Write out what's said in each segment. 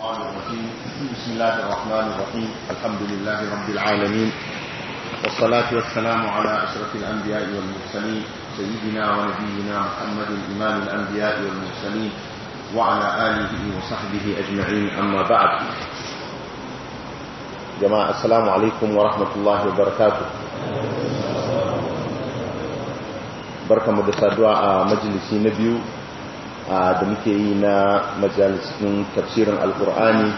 بسم الله الرحمن الرحيم الحمد لله رب العالمين والصلاة والسلام على أشرف الأنبياء والمرسلين سيدنا ونبينا محمد إمام الأنبياء والمرسلين وعلى آله وصحبه أجمعين أما بعد جماعة السلام عليكم ورحمة الله وبركاته بركة مدسة دعاء مجلسي نبيو da muke yi na majalisun tafsirin alkur'ani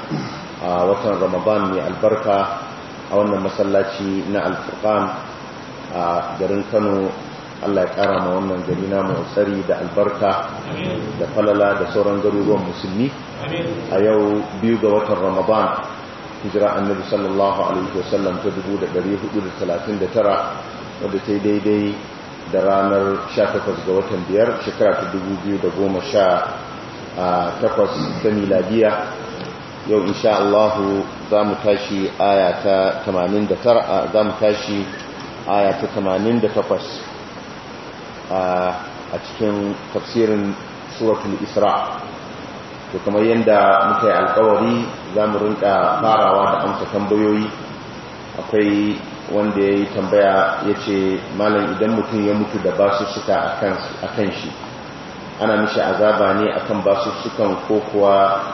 a watan ramadan mai albarka a wannan masallaci na alfurkan a garin kano allah ya kara ma wannan gari na tsari da albarka da falala da sauran garuruwan musulmi a yau biyu ga watan ramadan hijira annabi sallallahu alaihi wasallam ta 1439 wadda ta yi daidai da ranar 18 ga watan biyar shekara ta 2018 ta miladiya yau insha Allah za mu tashi aya ta 89 za mu tashi aya ta 88 a cikin tafsirin suratul isra to kamar yadda muka yi alƙawari za mu rinka farawa da amsa tambayoyi akwai wanda ya yi tambaya ya ce malam idan mutum ya mutu da basussuka a kan shi ana mishi azaba ne a akan basussukan ko kuwa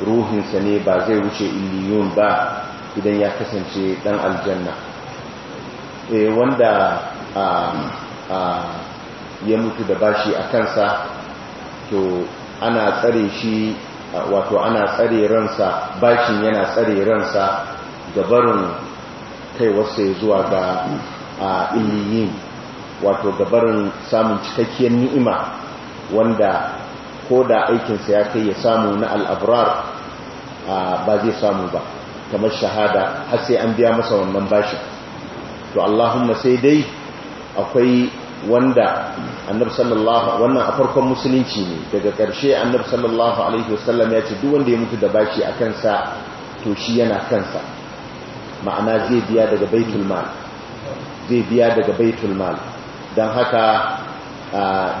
ruhinsa ne ba zai wuce iliyun ba idan ya kasance dan aljanna eh, wanda ya mutu da bashi a kansa to ana tsare shi wato ana tsare ransa bashin yana tsare ransa gabarin wasu ya zuwa ga iliyin wato gabarin samun cikakkiyar ni'ima wanda ko da aikinsa ya kai ya samu na al'abrar ba zai samu ba kamar shahada har sai an biya masa wannan bashi to Allahumma sai dai akwai wanda sallallahu wannan a farkon musulunci ne daga ƙarshe annabi sallallahu alaihi wasallam ya ce duk wanda ya mutu da bashi a kansa to shi yana kansa ma'ana zai biya daga baitul mal zai biya daga baitul mal don haka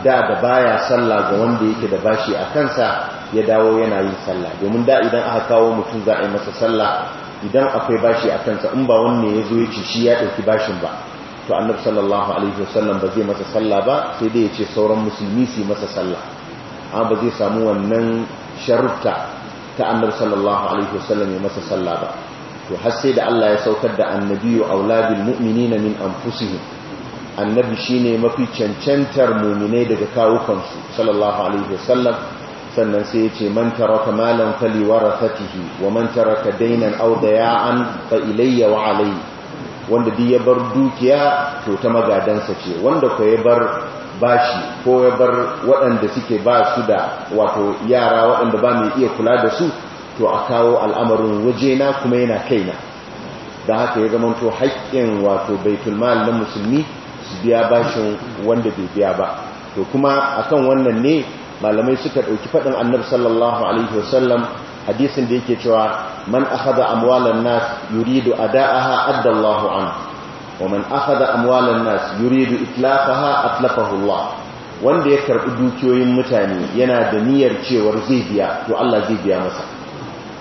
da da baya sallah ga wanda yake da bashi a kansa ya dawo yana yin sallah domin da idan aka kawo mutum za a yi masa sallah idan akwai bashi a kansa in ba wanne ya zo ya ci shi ya ɗauki bashin ba to annabi sallallahu alaihi wasallam ba zai masa sallah ba sai dai ya ce sauran musulmi su yi masa sallah amma ba zai samu wannan sharufta ta annabi sallallahu alaihi wasallam ya masa sallah ba to har sai da Allah ya saukar da annabiyu auladul mu'minina min anfusihim annabi shine mafi cancantar mu'mine daga kawukansu sallallahu alaihi wasallam sannan sai yace man taraka malan fali warathatihi wa man taraka daynan aw daya'an fa ilayya wa alayhi wanda duk ya bar dukiya to ta magadansa ce wanda ko ya bar bashi ko ya bar waɗanda suke ba su da wato yara waɗanda ba mai iya kula da su to a kawo al'amarin wajena kuma yana kaina da haka ya zamanto haƙƙin wato baitulmal na musulmi su biya bashin wanda bai biya ba to kuma akan wannan ne malamai suka ɗauki faɗin annabi sallallahu alaihi wasallam hadisin da yake cewa man akhadha amwalan nas yuridu ada'aha addallahu an wa man akhadha amwalan nas yuridu itlaqaha atlafahu Allah wanda ya karbi dukiyoyin mutane yana da niyyar cewa zai biya to Allah zai biya masa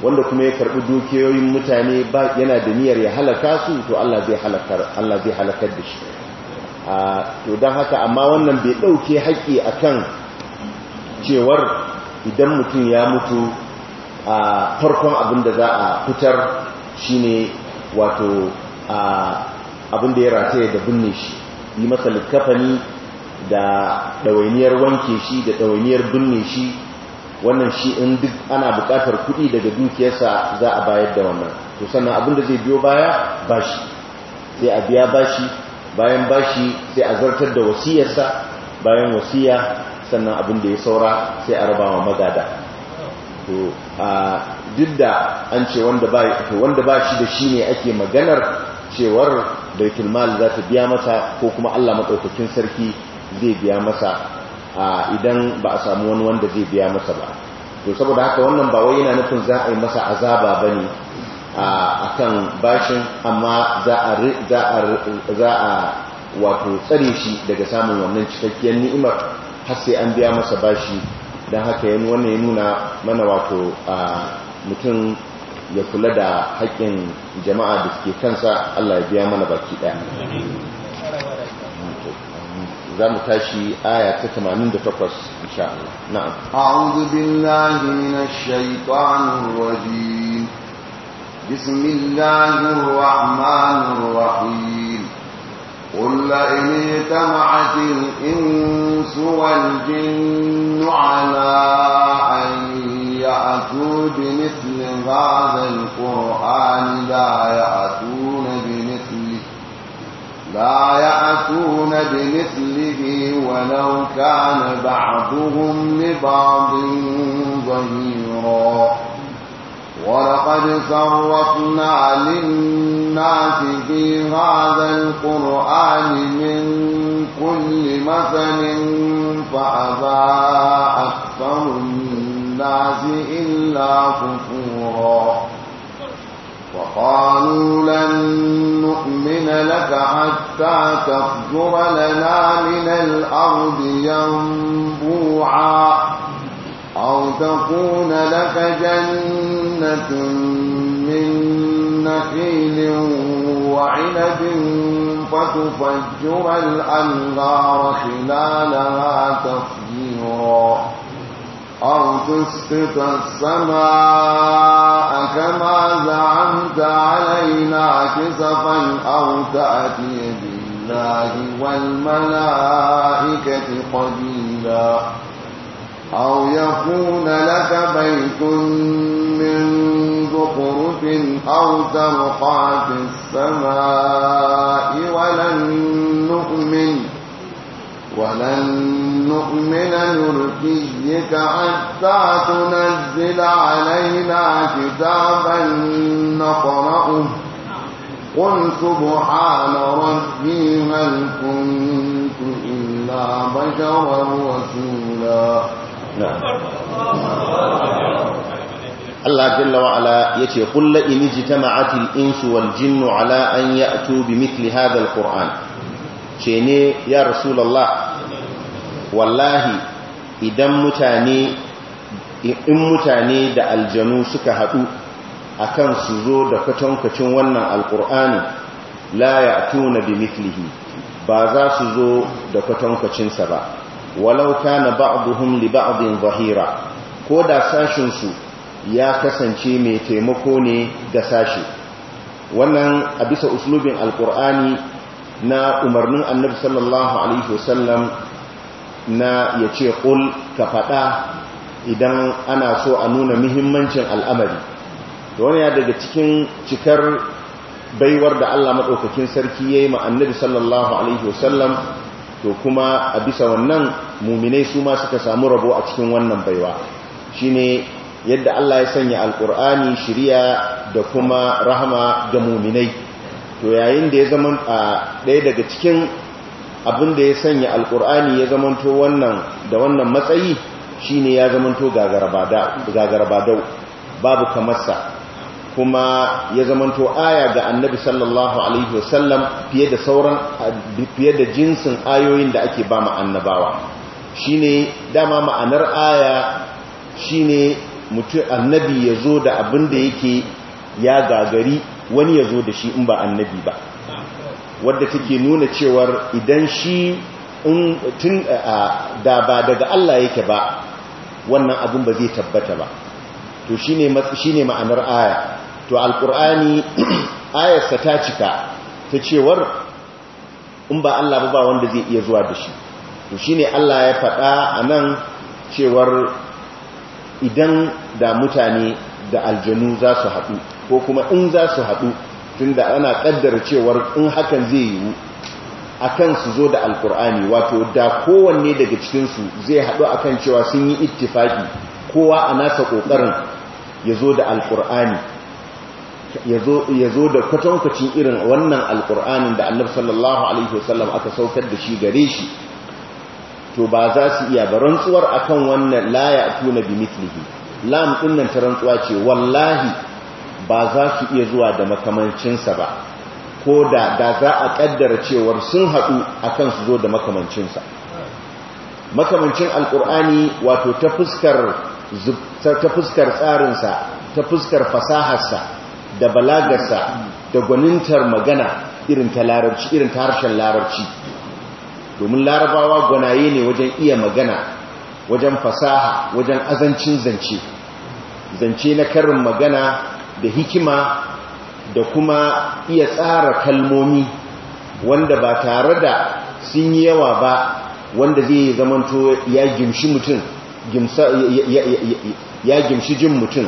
wanda kuma ya karbi dukiyoyin mutane ba yana da niyyar ya halaka su to Allah zai halakar da shi to don haka amma wannan bai dauke haƙi akan cewar idan mutum ya mutu a farkon abin da za a fitar shine wato abin da ya rataye da binne shi yi masa littafani da ɗawainiyar wanke shi da ɗawainiyar binne shi wannan shi in duk ana bukatar kuɗi daga dukiyarsa za a bayar da wannan to sannan abin da zai biyo baya bashi sai a biya bashi bayan bashi sai a zartar da wasiyarsa bayan wasiya sannan abin da ya saura sai a raba wa magada to a duk da an ce wanda ba wanda ba shi da shi ne ake maganar cewar baitul mal za ta biya masa ko kuma Allah madaukakin sarki zai biya masa idan ba a samu wani wanda zai biya masa ba to saboda haka wannan ba wai yana nufin za a yi masa azaba bane a kan bashin amma za a wato tsare shi daga samun wannan cikakkiyar ni'imar har sai an biya masa bashi dan haka yana wannan ya nuna mana wato mutum ya kula da haƙin jama'a da suke kansa Allah ya biya mana baki ɗaya za mu tashi aya ta 88 insha Allah na'am a'udhu billahi minash shaitanir rajim bismillahir rahmanir rahim قل إن اجتمعت الإنس والجن على أن يأتوا بمثل هذا القرآن لا يأتون لا يأتون بمثله ولو كان بعضهم لبعض ظهيرا ولقد صرفنا للناس في هذا القرآن من كل مثل فأبى أكثر الناس إلا كفورا وقالوا لن نؤمن لك حتى تفجر لنا من الأرض ينبوعا أو تكون لك جنة من نخيل وعنب فتفجر الأنهار خلالها تفجيرا أو تسقط السماء كما زعمت علينا كسفا أو تأتي بالله والملائكة قبيلا أو يكون لك بيت من زخرف أو ترقى في السماء ولن نؤمن ولن نؤمن لرقيك حتى تنزل علينا كتابا نقرأه قل سبحان ربي هل كنت إلا بشرا رسولا نعم. الله جل وعلا يتي قل إن اجتمعت الإنس والجن على أن يأتوا بمثل هذا القرآن ce ne ya rasulallah wallahi idan mutane in mutane da aljanu suka haɗu akan su zo da kwatankwacin wannan Alƙur'ani. la ya tuna bi mitlihi ba za su zo da kwatankwacinsa ba walau kana ba'duhum li ba'din zahira ko da sashinsu ya kasance mai taimako ne ga sashi wannan a bisa uslubin Alƙur'ani. na umarnin annabi sallallahu alaihi wasallam na ya ce kul ka faɗa idan ana so a nuna muhimmancin al'amari to wani ya daga cikin cikar baiwar da Allah madaukakin sarki yayi ma annabi sallallahu alaihi wasallam to kuma a bisa wannan muminai su ma suka samu rabo a cikin wannan baiwa shine yadda Allah ya sanya alƙur'ani shiriya da kuma rahama ga muminai to yayin da ya zama a ɗaya daga cikin abin da ya sanya Alƙur'ani ya zamanto wannan da wannan matsayi shi ne ya zamanto gagarabadau babu kamarsa kuma ya zamanto aya ga annabi sallallahu alaihi wasallam fiye da sauran fiye da jinsin ayoyin da ake ba mu annabawa ne dama ma'anar aya shi ne mutum annabi ya zo da abin da yake ya gagari wani ya zo da shi in ba annabi ba wadda take nuna cewar idan shi tun da ba daga Allah yake ba wannan abin ba zai tabbata ba to shi ne ma'anar aya to alkur'ani ayarsa ta cika ta cewar in ba Allah ba ba wanda zai iya zuwa da shi to shi ne Allah ya faɗa a nan cewar idan da mutane da aljanu za su haɗu ko kuma in za su haɗu tun da ana ƙaddara cewar in hakan zai yiwu a kan su zo da alkur'ani wato da kowanne daga cikinsu zai haɗu a kan cewa sun yi ittifaki kowa a nasa ƙoƙarin ya zo da alkur'ani ya zo da kwatankwacin irin wannan alkur'anin da annabi sallallahu alaihi wasallam aka saukar da shi gare shi to ba za su iya ba rantsuwar kan wannan laya a tuna bi mitlihi lam ɗin nan ta rantsuwa ce wallahi ba za su iya zuwa da makamancinsa ba ko da da za a ƙaddara cewar sun haɗu a kan su zo da makamancinsa makamancin alƙur'ani wato ta fuskar tsarinsa ta fuskar fasaharsa da balagarsa da gwanintar magana irin ta larabci irin ta harshen larabci domin larabawa gwanaye ne wajen iya magana wajen fasaha wajen azancin zance zance na karin magana da hikima da kuma iya tsara kalmomi wanda ba tare da sun yi yawa ba wanda zai zamanto ya gimshi mutum ya gimshi jin mutum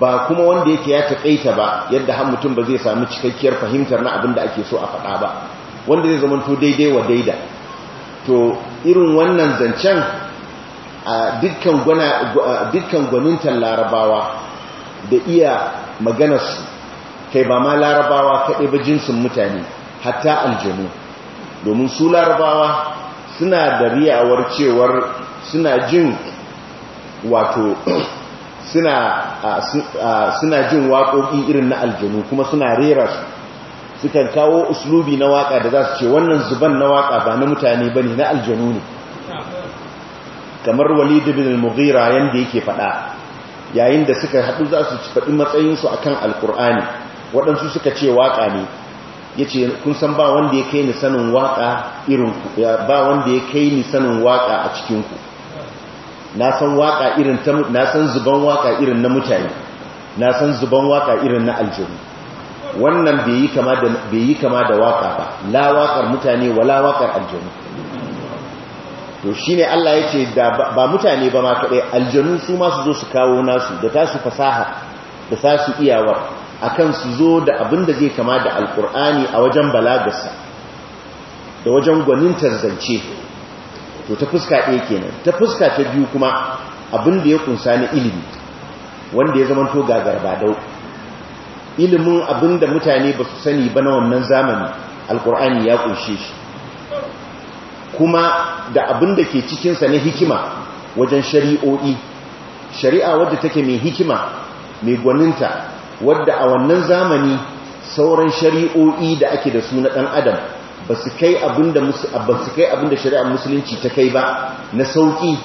ba kuma wanda yake ya taƙaita ba yadda har mutum ba zai sami cikakkiyar fahimtar na abin da ake so a faɗa ba wanda zai zamanto daidai wa daida to irin wannan zancen dukkan gwanintan larabawa da iya maganarsu kai ba ma larabawa kaɗai ba jinsin mutane hatta aljanu domin su larabawa suna da riyawar cewar suna jin wato suna jin waƙoƙi irin na aljanu kuma suna rera su sukan kawo uslubi na waƙa da za su ce wannan zuban na waƙa ba na mutane ba ne na aljanu ne kamar wali ibn al-mughira yanda yake fada yayin da suka hadu za su faɗi matsayin su akan alqur'ani waɗansu suka ce waka ne yace kun san ba wanda ya kai ni sanin waka irin ku ba wanda ya kai ni sanin waka a cikin ku na san waka irin ta na san zuban waka irin na mutane na san zuban waka irin na aljanu wannan bai yi kama da bai yi kama da waka ba la wakar mutane wala wakar aljanu to shi ne Allah ya ce ba mutane ba ma kaɗai aljanu su ma su zo su kawo nasu da ta su fasaha da iyawa iyawar kan su zo da abin da zai kama da alkur'ani a wajen balagarsa da wajen gwanintar zance to ta fuska ɗaya kenan ta fuska ta biyu kuma abin da ya kunsa na ilimi wanda ya zamanto gagar badau ilimin abin da mutane ba su sani ba na wannan zamani alkur'ani ya kunshe shi kuma da abin da ke cikinsa na hikima wajen shari'o'i shari'a wadda take mai hikima mai gwaninta wadda a wannan zamani sauran shari'o'i da ake da su na ɗan adam ba su kai abin da shari'ar musulunci ta kai ba na sauƙi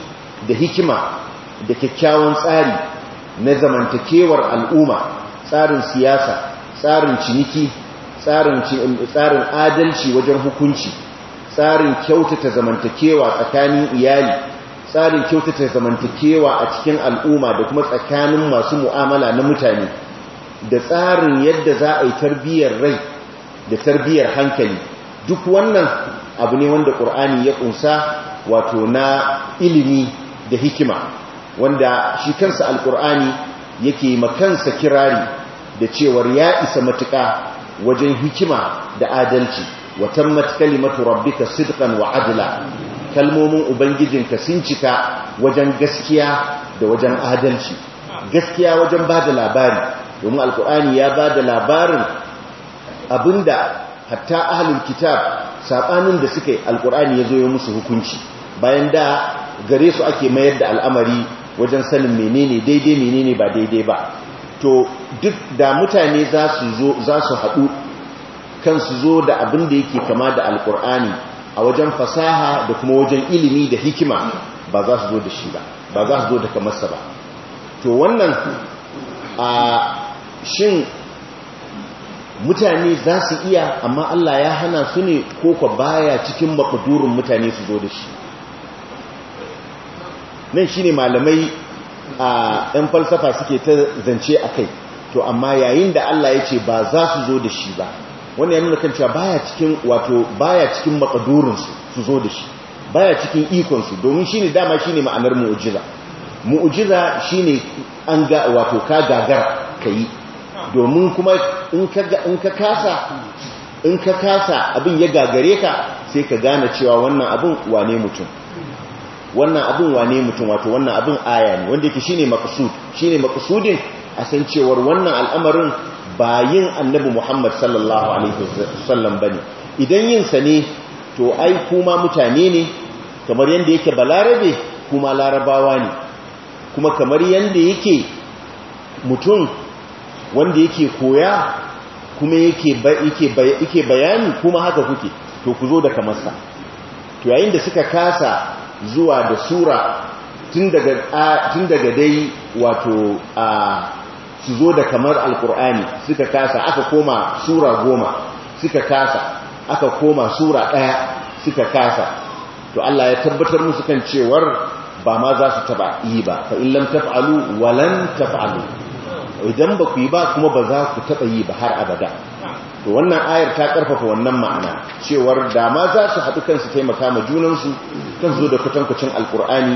da hikima da kyakkyawan tsari na zamantakewar al'umma tsarin siyasa tsarin ciniki tsarin adalci wajen hukunci tsarin kyautata zamantakewa tsakanin iyali tsarin kyautata zamantakewa a cikin al'umma da kuma tsakanin masu mu'amala na mutane da tsarin yadda za a yi tarbiyyar rai da tarbiyyar hankali duk wannan abu ne wanda ƙur'ani ya ƙunsa wato na ilimi da hikima wanda shi kansa alƙur'ani yake makansa kirari da cewar ya isa matuƙa wajen hikima da adalci wa tammat kalimatu rabbika sidqan wa adla kalmomin ubangijin ubangijinka sun cika wajen gaskiya da wajen adalci gaskiya wajen da labari domin alkur'ani ya ba da labarin abinda hatta ahlul kitab sabanin da suka yi alkur'ani ya zo ya musu hukunci bayan da gare su ake mayar da al'amari wajen sanin menene daidai menene ba daidai ba to duk da mutane zo za su haɗu kansu zo da abin da yake kama da alkur'ani a wajen fasaha da kuma wajen ilimi da hikima ba za su zo da shi ba ba za su zo da kamarsa ba to wannan a shin mutane za su iya amma Allah ya hana su ne ko kwa baya cikin makudurin mutane su zo da shi nan shi ne malamai a ɗan falsafa suke ta zance a kai to amma yayin da Allah ya ce ba za su zo da shi ba wannan ya nuna kan cewa baya cikin wato baya cikin makadurinsu su zo da shi baya cikin ikonsu domin shi ne dama shine ma'anar mu'ujiza mu'ujiza shi ne an ga wato ka gagara ka yi domin kuma in ka kasa in ka kasa abin ya gagare ka sai ka gane cewa wannan abin wane mutum wannan abin wane mutum wato wannan abin aya ne wanda yake shine maqsud shine maqsudin a san cewar wannan al'amarin ba yin annabi Muhammad sallallahu alaihi wasallam bane idan yin sa ne to ai kuma mutane ne kamar yanda yake balarabe kuma larabawa ne kuma kamar yadda yake mutum wanda yake koya kuma yake yake bayani kuma haka kuke to ku zo da kamarsa to yayin da suka kasa zuwa da sura tun daga dai wato a su zo da kamar alkur'ani suka kasa aka koma sura goma suka kasa aka koma sura ɗaya suka kasa to Allah ya tabbatar musu kan cewar ba ma za su taba yi ba fa in taf'alu wa lan taf'alu idan ba ku yi ba kuma ba za ku taba yi ba har abada to wannan ayar ta karfafa wannan ma'ana cewar da ma za su haɗu kansu taimaka ma junansu kan zo da kwatankwacin alkur'ani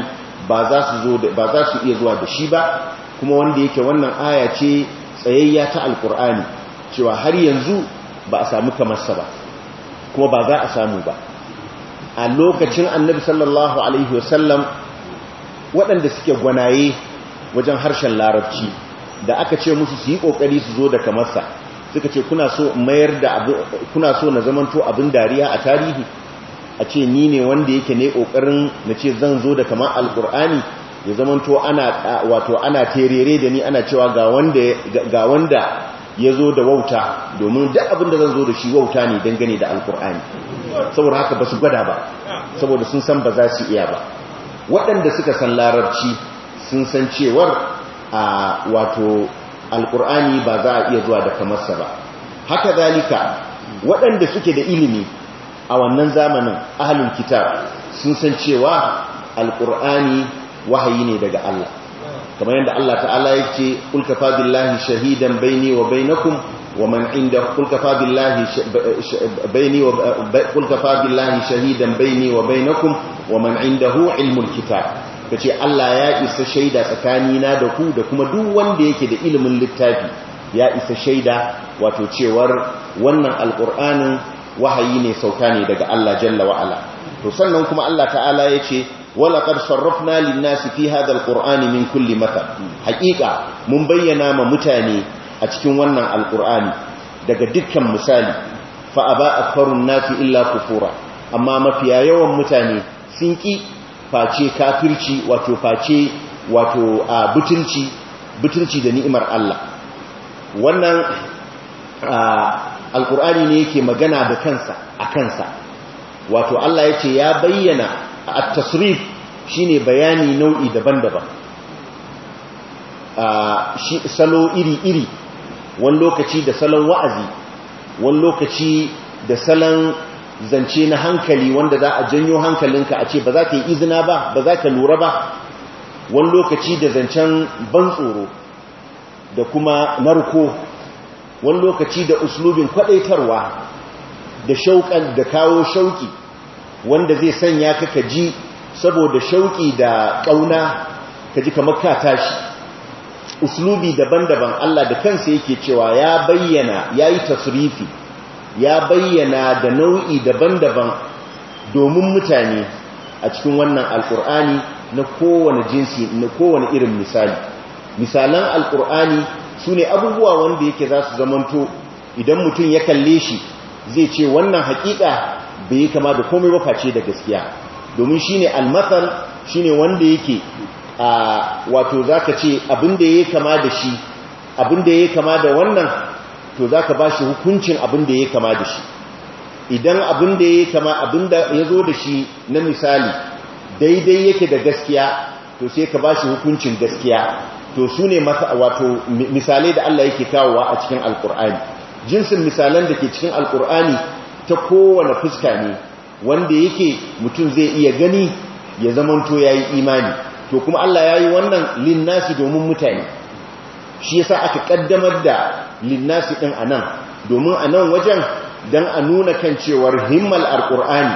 ba za su iya zuwa da shi ba kuma wanda yake wannan aya ce tsayayya ta alkur'ani cewa har yanzu ba a samu kamarsa ba kuma ba za a samu ba a lokacin annabi sallallahu alaihi wasallam waɗanda suke gwanaye wajen harshen larabci da aka ce musu su yi ƙoƙari su zo da kamarsa suka ce kuna so mayar da kuna so na zamanto abin dariya a tarihi a ce ni ne wanda yake ne ƙoƙarin na ce zan zo da kamar alƙur'ani ya zamanto ana wato ana terere da ni ana cewa ga wanda ga wanda yazo da wauta domin duk abin da zan zo da shi wauta ne dangane da alkur'ani saboda haka ba su gwada ba saboda sun san ba za su iya ba waɗanda suka san larabci sun san cewar a wato alkur'ani ba za a iya zuwa da kamarsa ba haka zalika waɗanda suke da ilimi a wannan zamanin ahlul kitab sun san cewa alkur'ani wahayi ne daga Allah kamar yadda Allah ta'ala ya ce fa billahi shahidan baini wa bainakum wa man inda kulka billahi shahidan baini wa bainakum wa man indahu ilmul kitab ce Allah ya isa shaida tsakanina da ku da kuma duk wanda yake da ilimin littafi ya isa shaida wato cewar wannan alqur'anin wahayi ne sauka ne daga Allah jalla Wa'ala. to sannan kuma Allah ta'ala ya ce wala qad sarrafna lin fi hadha qurani min kulli mathal haqiqa mun bayyana ma mutane a cikin wannan alqur'ani daga dukkan misali fa aba akfarun nasi illa kufura amma mafiya yawan mutane sun ki face kafirci wato face wato a butulci butulci da ni'imar Allah wannan alqur'ani ne yake magana da kansa a kansa wato Allah ya ce ya bayyana a tasrif shine bayani nau'i daban-daban A salo iri-iri wani lokaci da salon wa'azi wani lokaci da salon zance na hankali wanda za a janyo hankalinka a ce ba za ka yi izina ba ba za ka lura ba wani lokaci da zancen ban tsoro da kuma narko wani lokaci da uslubin kwadaitarwa da shauƙan da kawo shauƙi wanda zai sanya ka ji saboda shauƙi da ƙauna kaji kamar ka tashi uslubi daban-daban Allah da kansa yake cewa ya bayyana ya yi tasrifi ya bayyana da nau'i daban-daban domin mutane a cikin wannan alƙur'ani na kowane jinsi na kowane irin misali misalan alƙur'ani su ne abubuwa wanda yake za su zamanto idan mutum ya kalle shi zai ce wannan hakika bai yi kama da komai ba ce da gaskiya domin shine shi shine wanda yake a wato za ka ce abinda yi kama da shi abinda yi kama da wannan to za ka ba shi hukuncin abinda yi kama da shi idan abinda yi kama abinda ya zo da shi na misali daidai yake da gaskiya to sai ka ba shi hukuncin gaskiya to sune wato misalai da Allah yake kawowa a cikin alkur'ani jinsin misalan da ke cikin alkur'ani ta kowane fuska ne wanda yake mutum zai iya gani ya zamanto ya yi imani to kuma Allah ya yi wannan linnasi domin mutane shi ya sa aka kaddamar da linnasi ɗin a nan domin a nan wajen don a nuna kan cewar himmal alkur'ani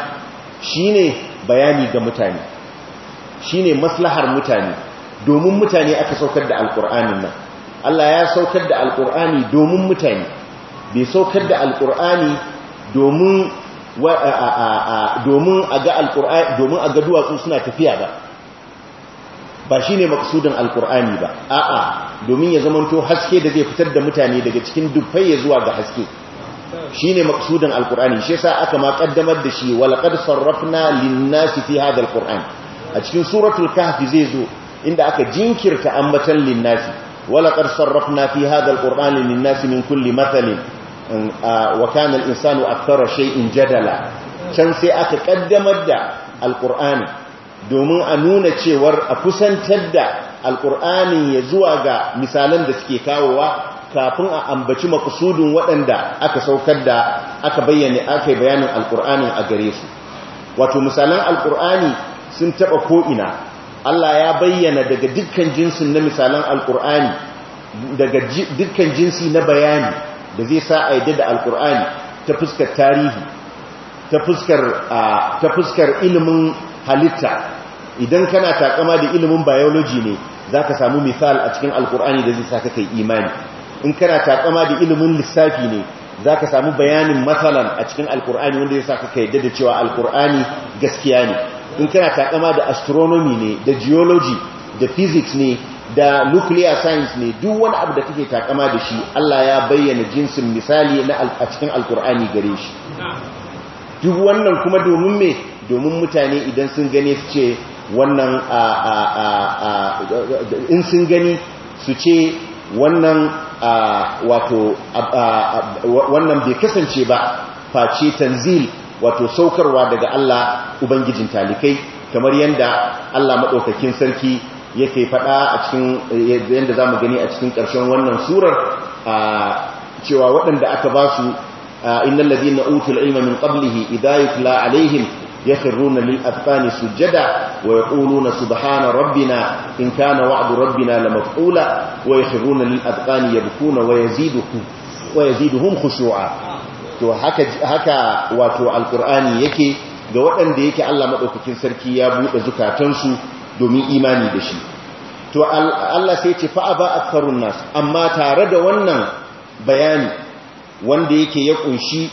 shi ne bayani ga mutane shi ne maslahar mutane domin mutane aka saukar da alkur'anin nan Allah ya saukar da alkur'ani domin mutane bai saukar da alkur'ani domin a ga duwatsu suna tafiya ba ba shi ne maksudin alkur'ani ba a'a domin ya zamanto haske da zai fitar da mutane daga cikin dubbai ya zuwa ga haske shi ne maksudin alkur'ani shi sa aka ma kaddamar da shi walakar sarrafna linnasi fi hada alkur'ani a cikin suratul kahfi zai zo inda aka jinkirta ambatan linnasi walaƙar sarrafna fi هذا القرآن للناس من kulli مثل wa kana al-insanu akthara shay'in jadala can sai aka kaddamar da Alƙur'ani domin a nuna cewar a kusantar da alqur'ani ya zuwa ga misalan da suke kawowa kafin a ambaci makusudin waɗanda aka saukar da aka bayyana aka bayanin alqur'ani a gare su wato misalan alkur'ani sun taɓa ko'ina Allah ya bayyana daga dukkan jinsin na misalan alqur'ani daga dukkan jinsi na bayani da zai sa a yadda da alkur'ani ta fuskar tarihi ta fuskar ilimin halitta idan kana takama da ilimin biology ne za ka samu misal a cikin alkur'ani da zai sa ka kai imani in kana takama da ilimin lissafi ne za ka samu bayanin matsalan a cikin alkur'ani wanda zai sa ka yadda da cewa alkur'ani gaskiya ne in kana takama da astronomy ne da geology da physics ne da nuclear science ne duk wani abu da kake takama da shi Allah ya bayyana jinsin misali na a cikin alkur'ani gare shi duk wannan kuma domin me domin mutane idan sun gane su ce wannan a in sun gani su ce wannan a wato wannan bai kasance ba face tanzil wato saukarwa daga Allah ubangijin talikai kamar yadda Allah madaukakin sarki yake fada a cikin yadda za mu gani a cikin ƙarshen wannan surar cewa waɗanda aka ba su innal ladina utul ilma min qablihi idha yutla alaihim yakhruna lil afkani sujada wa yaquluna subhana rabbina in kana wa'du rabbina lamaf'ula wa yakhruna lil afkani yabkuna wa yaziduhum wa yaziduhum khushu'a to haka haka wato alqur'ani yake ga waɗanda yake Allah madaukakin sarki ya bude zukatansu domin imani da shi to Allah sai ce fa aba akfarun nas amma tare da wannan bayani wanda yake ya kunshi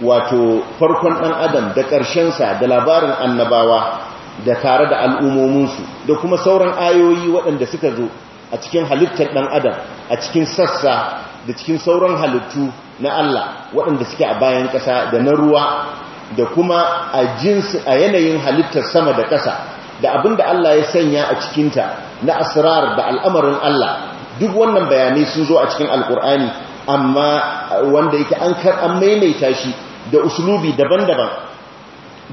wato farkon dan adam da ƙarshen sa da labarin annabawa da tare da su da kuma sauran ayoyi waɗanda suka zo a cikin halittar ɗan adam a cikin sassa da cikin sauran halittu na Allah waɗanda suke a bayan ƙasa da na ruwa da kuma a jinsi a yanayin halittar sama da ƙasa da abin da Allah ya sanya a cikinta na asrar da al'amarin Allah duk wannan bayanai sun zo a cikin alkur'ani amma wanda yake an an maimaita shi da uslubi daban-daban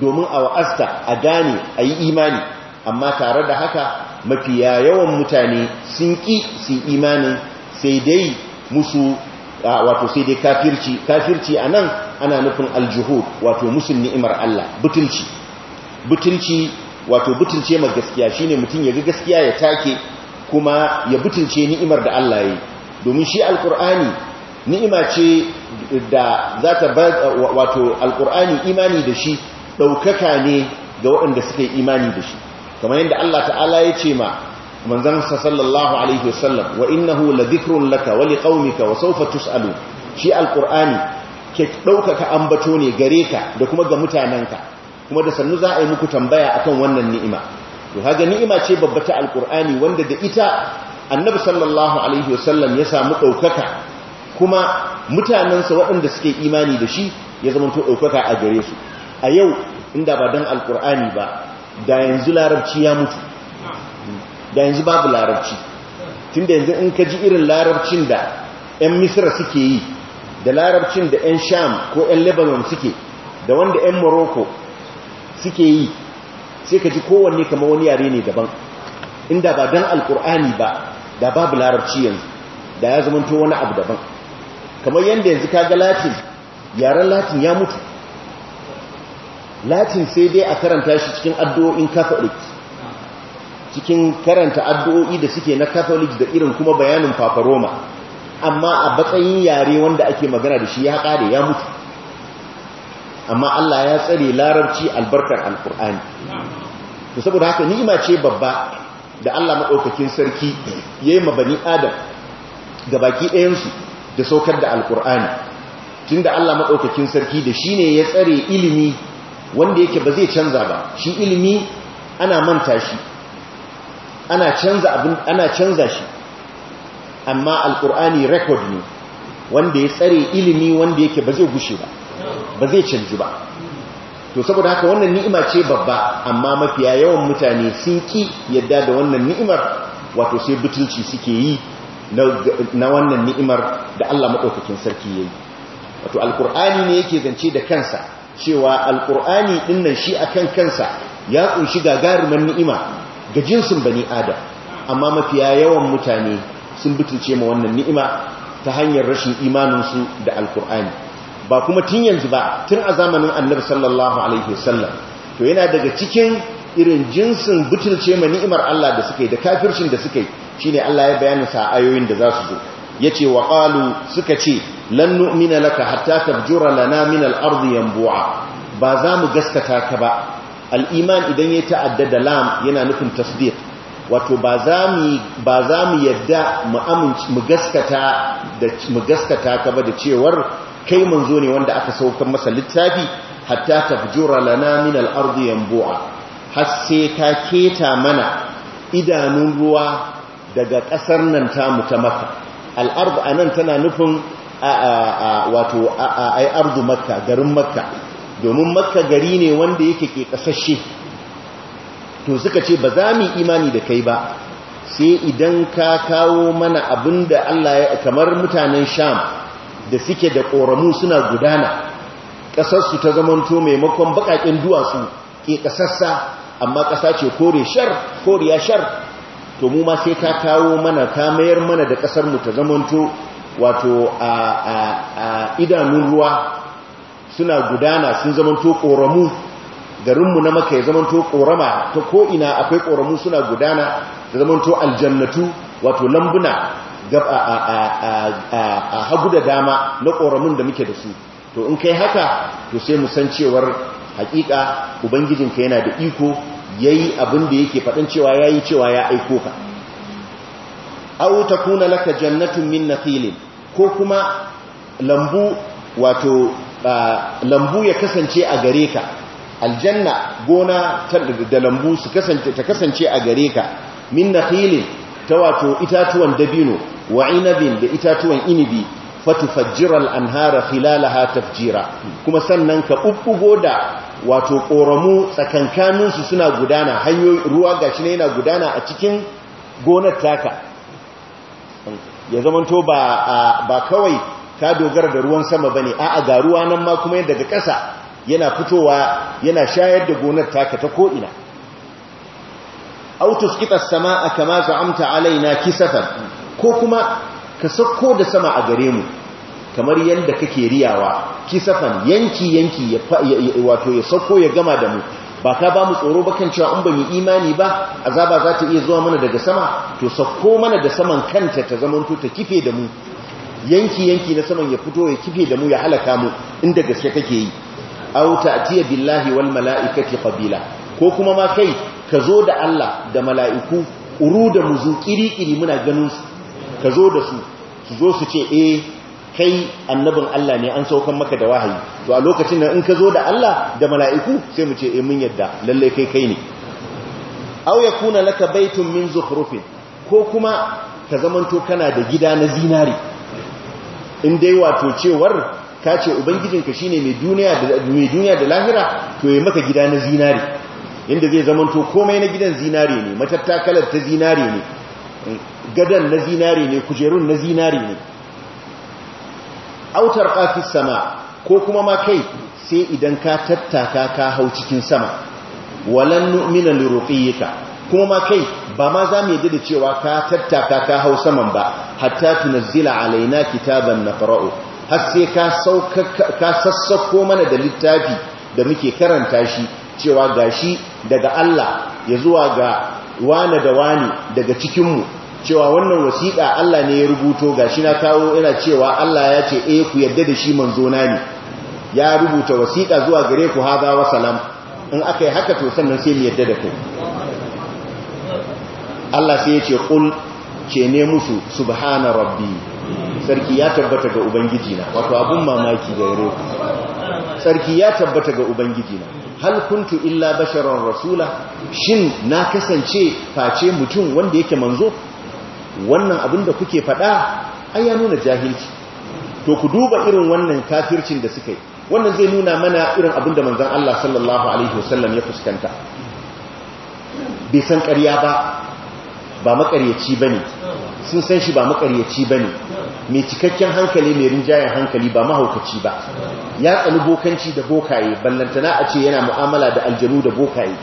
domin a wa'asta a gane a yi imani amma tare da haka mafiya yawan mutane sun ƙi su imanin sai dai musu wato sai dai kafirci kafirci a nan ana nufin aljihu wato musul ni'imar Allah butulci butulci wato butunce ma gaskiya shine mutum ya ga gaskiya ya take kuma ya butulce ni'imar da Allah yi domin shi alkur'ani ni'ima ce da za ta wato alkur'ani imani da shi ɗaukaka ne ga waɗanda suka yi imani da shi kamar yadda Allah ta'ala ya ce ma sa sallallahu alaihi wasallam wa innahu la dhikrun laka wa liqaumika wa sawfa tus'alu shi alkur'ani ke ɗaukaka ambato ne gare ka da kuma ga mutanenka kuma da sannu za a yi muku tambaya akan wannan ni'ima to haga ni'ima ce babba ta alkur'ani wanda da ita annabi sallallahu alaihi wasallam ya samu ɗaukaka. kuma mutanansa waɗanda suke imani da shi ya zama to daukaka a gare su a yau inda ba dan alkur'ani ba da yanzu larabci ya mutu da yanzu babu larabci tunda yanzu in ka ji irin larabcin da 'yan misra suke yi da larabcin da 'yan sham ko 'yan lebanon suke da wanda 'yan morocco suke yi sai ka ji kowanne kama wani yare ne daban inda ba don alkur'ani ba da babu larabci yanzu da ya zamanto wani abu daban kamar yadda yanzu kaga latin yaren latin ya mutu latin sai dai a karanta shi cikin addu'o'in catholic cikin karanta addu'o'i da suke na catholic da irin kuma bayanin papa roma amma a batsayin yare wanda ake magana da shi ya kare ya mutu amma Allah ya tsare larabci albarkar alkur'ani to saboda haka ni'ima ce babba da Allah maɗaukakin sarki yayi ma bani adam ga baki ɗayansu da saukar da alkur'ani tunda Allah maɗaukakin sarki da shine ya tsare ilimi wanda yake ba zai canza ba shi ilimi ana manta shi ana canza shi amma alkur'ani record ne wanda ya tsare ilimi wanda yake ba zai gushe ba ba zai canji ba to saboda haka wannan ni'ima ce babba amma mafiya yawan mutane sun ki yadda da wannan ni'imar wato sai butulci suke yi na wannan ni'imar da Allah maɗaukakin sarki ya yi wato alkur'ani ne yake zance da kansa cewa alkur'ani nan shi akan kansa ya ƙunshi gagarumin ni'ima ga jinsin bani adam amma mafiya yawan mutane sun bitulce ma wannan ni'ima ta hanyar rashin imaninsu da alkur'ani ba kuma tun yanzu ba tun a zamanin annabi sallallahu alaihi wasallam to yana daga cikin irin jinsin butulce ma ni'imar Allah da suka da kafircin da suka shine Allah ya bayani sa ayoyin da za su zo yace wa qalu suka ce lan nu'mina laka hatta tabjura lana min al-ardi yanbu'a ba za mu gaskata ka ba al-iman idan ya ta'addada lam yana nufin tasdiq wato ba za mu ba za mu yadda mu amince mu gaskata da mu gaskata ka ba da cewar kai manzo ne wanda aka saukar masa littafi hatta tafjura lana min al-ardi yanbu'a har sai ka keta mana idanun ruwa daga kasar nan ta muta maka. al-ard anan tana nufin wato ai ardu Makka garin Makka domin Makka gari ne wanda yake ke kasashe to suka ce ba za mu imani da kai ba sai idan ka kawo mana abinda Allah ya kamar mutanen Sham da suke da ƙoramu suna gudana ƙasarsu ta zamanto maimakon baƙaƙen duwatsu ke ƙasarsa amma ƙasa ce kore shar ya shar to mu ma sai ta kawo mana ta mayar mana da ƙasarmu ta zamanto wato a idanun ruwa suna gudana sun zamanto ƙoramu garinmu na maka ya zamanto ƙorama ta ko'ina akwai ƙoramu suna gudana ta zamanto aljannatu wato lambuna a hagu da dama na ƙoramin da muke da su to in kai haka to sai musan cewar hakika ubangijinka yana da iko ya yi abin da yake faɗin cewa ya yi cewa ya aiko ka au ta kuna laka jannatun min na filin ko kuma lambu wato lambu ya kasance a gare ka aljanna gona da lambu ta kasance a gare ka min na filin ta wato itatuwan dabino wa inabin da itatuwan inibi fatufajiral anhara khilalaha tafjira kuma sannan ka bubbugo da wato koramu tsakankanin su suna gudana hanyoyi ruwa gashi ne yana gudana a cikin gonar taka ya zamanto ba ba kawai ka dogara da ruwan sama bane a'a ga ruwa nan ma kuma daga ƙasa yana fitowa yana shayar da gonar taka ta ko ina autus kitas samaa kama za'amta alaina kisafan ko kuma ka sauko da sama a gare mu kamar yadda kake riyawa kisafan yanki yanki ya wato ya sauko ya gama da mu ba ka ba mu tsoro ba kan cewa in ban yi imani ba azaba za ta iya zuwa mana daga sama to sauko mana da saman kanta ta zamanto ta kife da mu yanki yanki na saman ya fito ya kife da mu ya halaka mu In da gaske kake yi aw ta'tiya billahi wal mala'ikati qabila ko kuma ma kai ka zo da Allah da mala'iku uru da muzu kiri-kiri muna ganin su ka zo da su su zo su ce eh kai annabin Allah ne an saukan maka da wahayi to a lokacin nan in ka zo da Allah da mala'iku sai mu ce eh mun yadda lalle kai kai ne aw yakuna laka baytun min zukhrufin ko kuma ka zamanto kana da gida na zinari in dai wato cewar ka ce ubangijinka shine mai duniya mai duniya da lahira to yayi maka gida na zinari inda zai zamanto komai na gidan zinari ne matattakalar ta zinari ne gadan na zinari ne kujerun na zinari ne autar ƙafis sama ko kuma ma kai sai idan ka tattaka ka hau cikin sama walan nu'mina liruqiyika kuma ma kai ba ma za mu yadda da cewa ka tattaka ka hau saman ba hatta tunzila alaina kitaban naqra'u har sai ka sauka ka sassako mana da littafi da muke karanta shi cewa gashi daga Allah ya zuwa ga wane da wane daga cikinmu cewa wannan wasiƙa Allah ne ya rubuto shi na kawo ina cewa Allah ya ce e ku yadda da shi manzona ne ya rubuta wasiƙa zuwa gare ku haza wa salam in aka yi haka to sannan sai mu yadda da ku Allah sai ya ce qul ce ne musu subhana rabbi sarki ya tabbata ga ubangiji na wato abun mamaki da yare ku sarki ya tabbata ga ubangiji na hal kuntu illa basharan rasula shin na kasance face mutum wanda yake manzo wannan abin da kuke faɗa ai ya nuna jahilci to ku duba irin wannan kafircin da suka yi wannan zai nuna mana irin abin da manzan Allah sallallahu alaihi wasallam ya fuskanta bai san ƙarya ba ba makaryaci bane sun san shi ba makaryaci bane mai cikakken hankali mai rinjayen hankali ba mahaukaci ba ya tsani bokanci da bokaye ballantana a ce yana mu'amala da aljanu da bokaye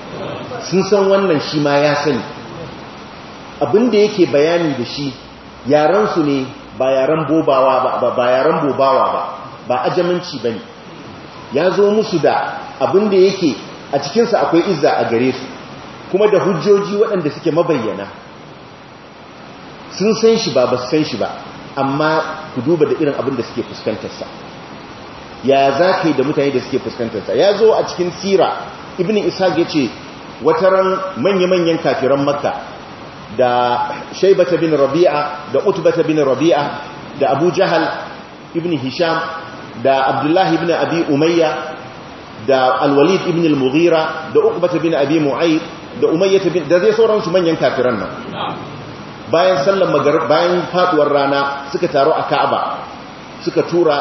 sun san wannan shi ma ya sani abinda yake bayani da shi yaransu ne ba yaran bobawa ba ba yaran bobawa ba ba ba ne ya zo musu da abinda yake a cikinsa akwai izza a gare su kuma da hujjoji waɗanda suke mabayyana sun san shi ba ba san shi ba amma ku duba da irin abin da suke fuskantarsa ya za ka yi da mutane da suke fuskantarsa ya zo a cikin sira ibn isa ya ce wataran manya-manyan kafiran makka da shaibata bin rabi'a da utbata bin rabi'a da abu jahal ibn hisham da abdullahi ibn abi umayya da alwalid ibn al-mughira da uqbata bin abi mu'ayd da umayyah bin da zai sauransu manyan kafiran nan bayan sallan magarib bayan faduwar rana suka taro a Ka'aba suka tura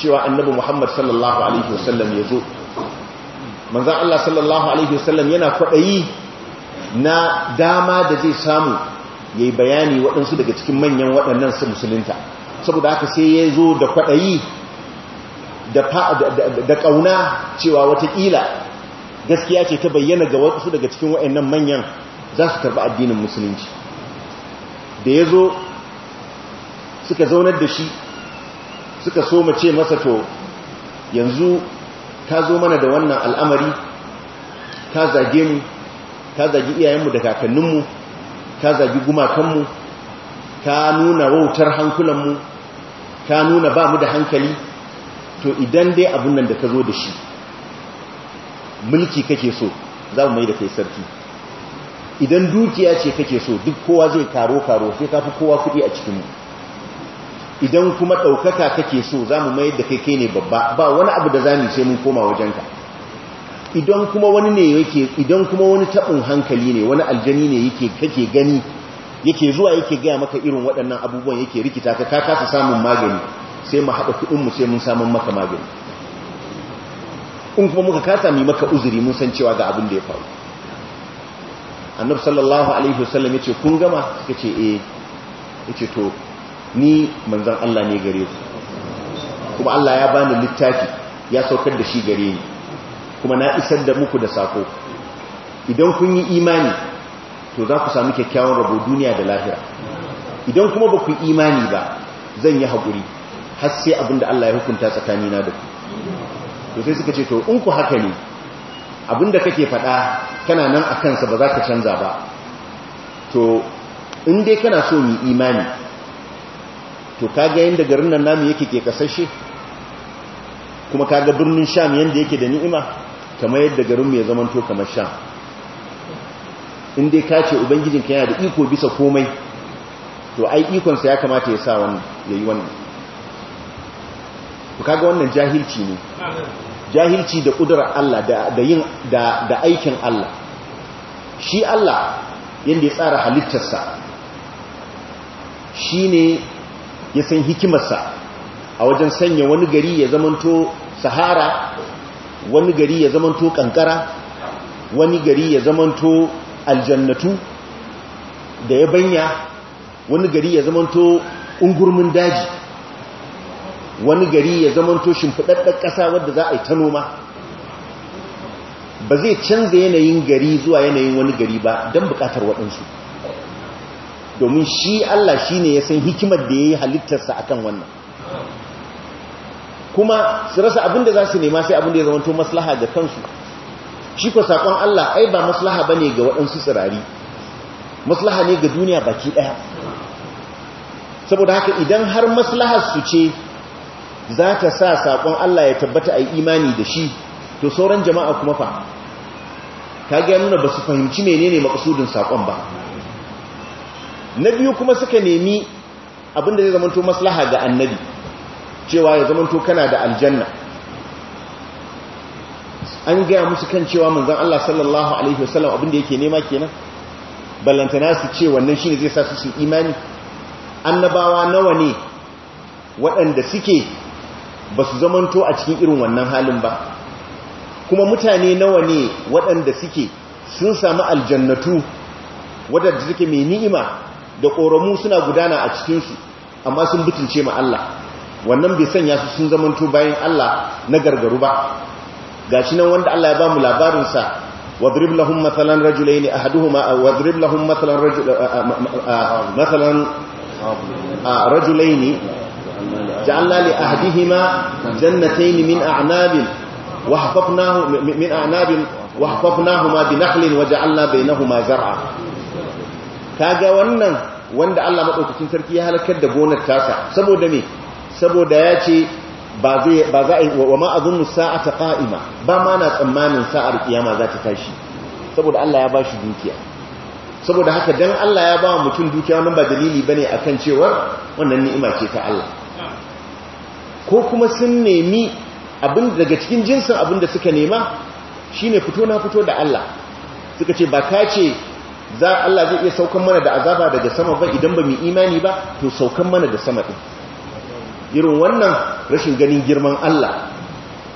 cewa annabi Muhammad sallallahu alaihi wasallam yazo manzon Allah sallallahu alaihi wasallam yana kwadayi na dama da zai samu ya yi bayani waɗansu daga cikin manyan waɗannan su musulunta saboda haka sai ya zo da kwaɗayi da ƙauna cewa watakila gaskiya ce ta bayyana ga wasu daga cikin waɗannan manyan za su karɓi addinin musulunci da ya zo suka zaunar da shi suka so mace masa to yanzu ka zo mana da wannan al'amari ka zage mu ka zagi iyayenmu da kakanninmu ka zagi gumakanmu ka nuna wautar hankulanmu ka nuna ba mu da hankali to idan dai abun nan da ka zo da shi mulki kake so za mu mai da kai sarki idan dukiya ce kake so duk kowa zai karo-karo sai ka fi kowa kuɗi a cikinmu idan kuma ɗaukaka kake so za mu mai da kai kai ne babba ba wani abu da za mu sai mun koma wajenka idan kuma wani ne yake idan kuma wani tabin hankali ne wani aljani ne yake kake gani yake zuwa yake gaya maka irin waɗannan abubuwan yake rikita ka ka kasa samun magani sai mu haɗa kuɗin mu sai mun samun maka magani in kuma muka kasa mu maka uzuri mun san cewa ga abin da ya faru annabi sallallahu alaihi wasallam yace kun gama yace eh yace to ni manzon Allah ne gare ku kuma Allah ya bani littafi ya saukar da shi gare ni kuma na isar da muku da sako idan kun yi imani to za ku sami kyakkyawan rabo duniya da lahira idan kuma ba ku imani ba zan yi haƙuri har sai abinda Allah ya hukunta tsakanina da ku to sai suka ce to in ku haka ne abinda kake faɗa kana nan a kansa ba za ka canza ba to in dai kana so mu imani to ga yanda garin nan namu yake ke kasashe kuma ga birnin sham yanda yake da ni'ima kamar yadda garinmu ya zamanto kamar sha in dai ka ce ubangijinka yana da iko bisa komai to ai ikonsa ya kamata ya sa wani ya yi wannan ku kaga wannan jahilci ne jahilci da ƙudurar Allah da da aikin Allah shi Allah yadda ya tsara halittarsa shi ne ya san hikimarsa a wajen sanya wani gari ya zamanto sahara wani gari ya zamanto kankara wani gari ya zamanto aljannatu da ya banya wani gari ya zamanto ungurmin daji wani gari ya zamanto shimfidaddar ƙasa wadda za a yi ta noma ba zai canza yanayin gari zuwa yanayin wani gari ba don bukatar waɗansu domin shi Allah shi ne ya san hikimar da ya yi halittarsa akan wannan kuma su rasa abin da za su nema sai abin da ya zamanto maslaha ga kansu shi ko saƙon Allah ai ba maslaha bane ga waɗansu tsirari maslaha ne ga duniya baki ɗaya saboda haka idan har maslaha su ce za ta sa sakon Allah ya tabbata a imani da shi to sauran jama'a kuma fa ta gaya nuna ba su fahimci menene makasudin saƙon ba na biyu kuma suka nemi abinda zai zamanto maslaha ga annabi cewa ya zamanto kana da aljanna an gaya musu kan cewa manzon Allah sallallahu alaihi wasallam abin yake nema kenan ballantana su ce wannan shi ne zai sa su su imani annabawa nawa ne waɗanda suke ba su zamanto a cikin irin wannan halin ba kuma mutane nawa ne waɗanda suke sun sami aljannatu waɗanda suke mai ni'ima da ƙoramu suna gudana a cikinsu amma sun bitince ma Allah wannan bai sanya su sun zamanto bayan Allah na gargaru ba ga shi nan wanda Allah ya ba mu labarin sa wadrib lahum mathalan rajulayn ahaduhuma wadrib lahum mathalan rajul mathalan rajulayn ja'alna li ahadihima jannatayn min a'nabin wa hafafnahu min a'nabin wa hafafnahuma bi nakhlin wa ja'alna baynahuma zar'a kaga wannan wanda Allah madaukakin sarki ya halakar da gonar tasa saboda me saboda ya ce ba za a yi wa ma'azin sa'ata ƙa'ima ba ma na tsammanin sa'ar kiyama za ta tashi saboda Allah ya ba shi dukiya saboda haka don Allah ya ba mutum dukiya wannan ba dalili ba ne a kan cewar wannan ni'ima ce ta Allah ko kuma sun nemi abin daga cikin jinsin abin da suka nema shi ne fito na fito da Allah suka ce ba ka ce za Allah zai iya saukan mana da azaba daga sama ba idan ba mu imani ba to saukan mana da sama ɗin irin wannan rashin ganin girman Allah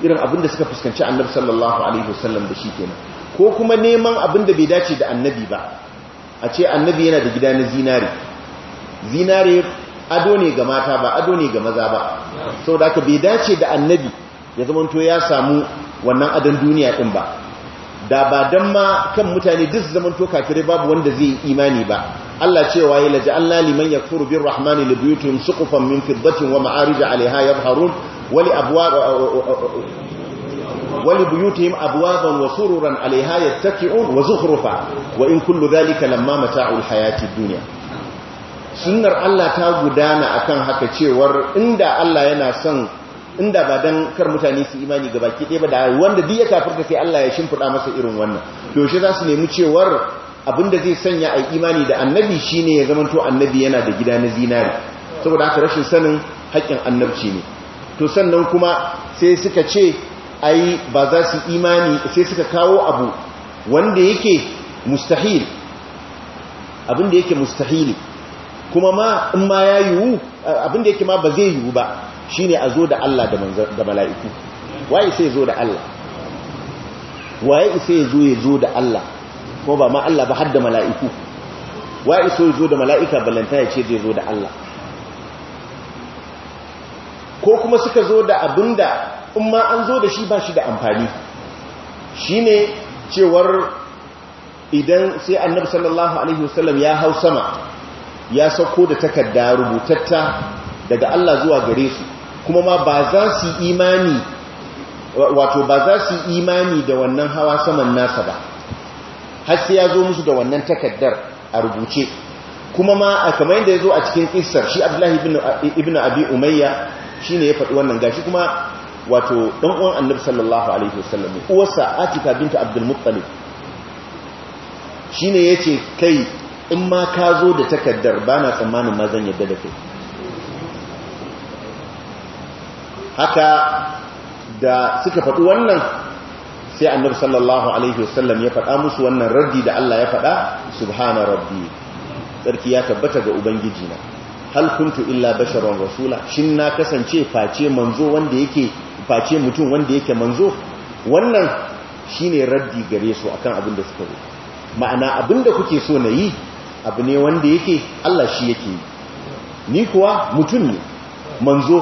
irin abin da suka fuskanci annabi sallallahu alaihi wasallam da shi kenan ko kuma neman abin da bai dace da annabi ba a ce annabi yana da gida na zinare zinare ado ne ga mata ba ado ne ga maza ba saboda haka bai dace da annabi ya zama to ya samu wannan adon duniya din ba da ba dan ma kan mutane duk zaman to kafire babu wanda zai imani ba Allah cewa ya laji Allah liman ya furu bin rahmani libiyutun suƙufan min fiddatin wa ma'arija alaiha ya harun wali abuwa wali buyutihim abwaban wa sururan alaiha yattaki'un wa zukhrufa wa in kullu dhalika lamma mata'ul hayati duniya. sunnar Allah ta gudana akan haka cewar inda Allah yana son inda ba dan kar mutane su imani gabaki ɗaya ba da wanda duk ya kafirta sai Allah ya shimfida masa irin wannan Yaushe za su nemi cewar abinda zai sanya a imani da annabi shine ya zamanto annabi yana da gida na zinari saboda haka rashin sanin haƙƙin annabci ne to sannan kuma sai suka ce ai ba za su imani sai suka kawo abu wanda yake mustahil abinda yake mustahili kuma ma in ma ya yiwu abinda yake ma ba zai yiwu ba shi ne a zo da Allah da mala'iku waye sai zo da Allah waye sai zo ya zo da Allah kuma ba ma Allah ba har da mala'iku wa iso zo da mala'ika balanta ya ce zai zo da Allah ko kuma suka zo da abinda da in ma an zo da shi ba shi da amfani shi ne cewar idan sai annabi sallallahu alaihi wasallam ya hau sama ya sauko da takarda rubutatta daga Allah zuwa gare su kuma ma ba za su imani wato ba za su imani da wannan hawa saman nasa ba har sai ya zo musu da wannan takaddar a rubuce kuma ma kamar yadda ya zo a cikin kissar shi abdullahi ibn abi umayya shi ne ya faɗi wannan gashi kuma wato ɗan'uwan annabi sallallahu alaihi wasallam uwarsa atika binta abdulmuttalib shi ne yace kai in ma ka zo da takaddar ba na tsammanin ma zan yadda da kai haka da suka faɗi wannan sai annabi sallallahu alaihi wasallam ya faɗa musu wannan raddi da Allah ya faɗa subhana rabbi sarki ya tabbata ga ubangiji na hal kuntu illa basharan rasula shin na kasance face manzo wanda yake face mutum wanda yake manzo wannan shine raddi gare su akan abin da suka yi ma'ana abin da kuke so na yi abu ne wanda yake Allah shi yake yi ni kuwa mutum ne manzo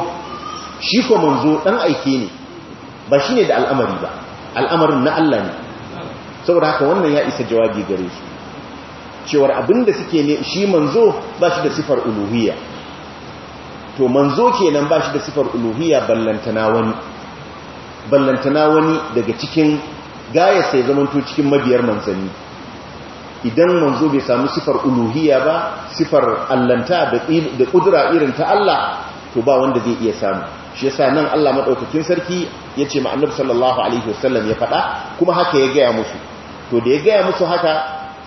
shi ko manzo dan aike ne ba shine da al'amari ba al'amarin na Allah ne saboda haka wannan ya isa jawabi gare su cewar abinda suke ne shi manzo ba shi da sifar uluhiyya to manzo kenan ba shi da sifar uluhiyya ballantana wani ballantana wani daga cikin gaya sai zamanto cikin mabiyar manzanni idan manzo bai samu sifar uluhiyya ba sifar allanta da kudura irin ta Allah to ba wanda zai iya samu shi yasa nan Allah madaukakin sarki yace ma annabi sallallahu alaihi wasallam ya faɗa kuma haka ya gaya musu to da ya gaya musu haka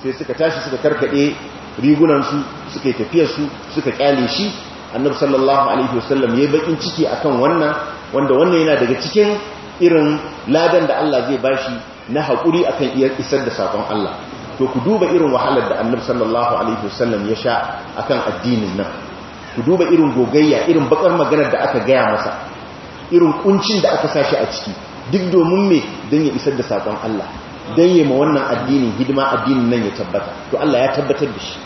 sai suka tashi suka karkade rigunan su suka tafiyar su suka kyale shi annabi sallallahu alaihi wasallam ya bakin ciki akan wannan wanda wannan yana daga cikin irin ladan da Allah zai bashi na hakuri akan iyar isar da sakon Allah to ku duba irin wahalar da annabi sallallahu alaihi wasallam ya sha akan addinin nan ku duba irin gogayya irin bakar maganar da aka gaya masa irin kuncin da aka sashi a ciki duk domin me don ya isar da sakon Allah don ya ma wannan addinin hidima addinin nan ya tabbata to Allah ya tabbatar da shi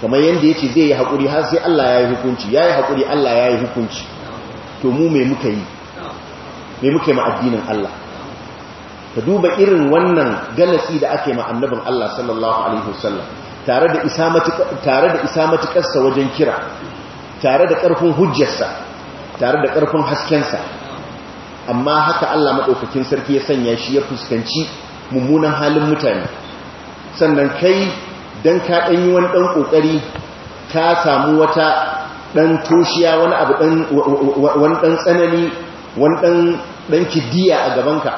kamar yadda ya ce zai yi haƙuri har sai Allah ya yi hukunci ya yi haƙuri Allah ya yi hukunci to mu mai muka yi mai muka yi ma addinin Allah ka duba irin wannan galasi da ake ma annabin Allah sallallahu alaihi wasallam tare da isa matukarsa wajen kira tare da ƙarfin hujjarsa tare da ƙarfin haskensa amma haka Allah maɗaukakin sarki ya sanya shi ya fuskanci mummunan halin mutane sannan kai don ka ɗan yi wani ɗan ƙoƙari ka samu wata ɗan toshiya wani abu wani ɗan tsanani wani ɗan kidiya a gabanka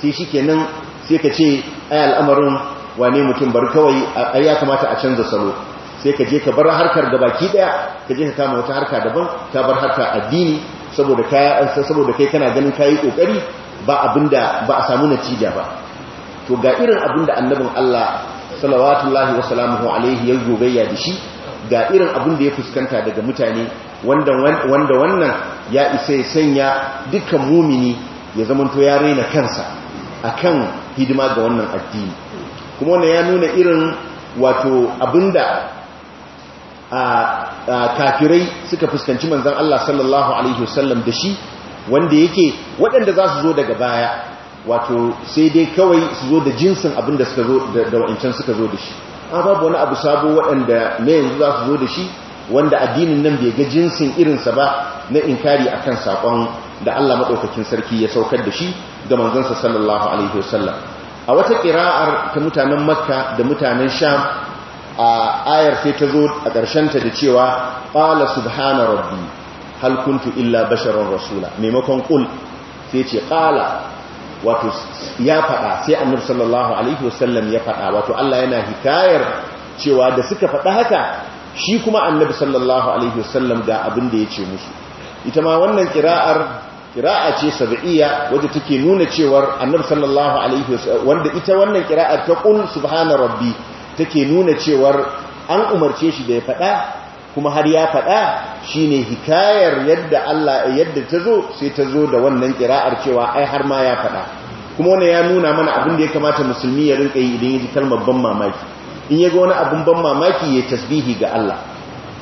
sai shi kenan sai ka ce ai al'amarin wane mutum bari kawai a ya kamata a canza salo sai ka je ka bar harkar da baki daya ka je ka kama wata harka daban ka bar harka addini saboda kai kana ganin kayi kokari ba abinda ba a samu natija ba to ga irin abinda annabin Allah salawatullahi wa salamuhu alaihi ya gobayya da shi ga irin abinda ya fuskanta daga mutane wanda wannan ya isa ya sanya dukkan mumini ya zamanto ya raina kansa a kan hidima ga wannan addini kuma wanda ya nuna irin wato abinda a kafirai suka fuskanci manzan Allah sallallahu alaihi wasallam da shi wanda yake waɗanda za su zo daga baya wato sai dai kawai su zo da jinsin abinda suka zo da wa'incan suka zo da shi a babu wani abu sabo waɗanda na yanzu za su zo da shi wanda addinin nan bai ga jinsin irinsa ba na inkari kan saƙon da Allah maɗaukakin sarki ya saukar da shi ga manzansa sallallahu alaihi wasallam a wata kira'ar ta mutanen makka da mutanen sham a ayar sai ta zo a ƙarshen ta da cewa ƙala subhana rabbi halkuntu illa basharar rasula maimakon ƙul sai ce ƙala wato ya faɗa sai annabi sallallahu alaihi wasallam ya faɗa wato Allah yana hikayar cewa da suka faɗa haka shi kuma annabi sallallahu alaihi wasallam ga abin da ya ce musu ita ma wannan kira'ar. kira'a ce sab'iyya wadda take nuna cewar annabi sallallahu alaihi wasallam wanda ita wannan kira'a ta qul subhana rabbi take nuna cewar an umarce shi da ya faɗa kuma har ya faɗa shine hikayar yadda Allah yadda ta zo sai tazo da wannan kira'ar cewa ai har ma ya faɗa kuma wannan ya nuna mana abin da ya kamata musulmi ya rinka yi idan ya ji kalmar ban mamaki in ya ga wani abin ban mamaki ya tasbihi ga Allah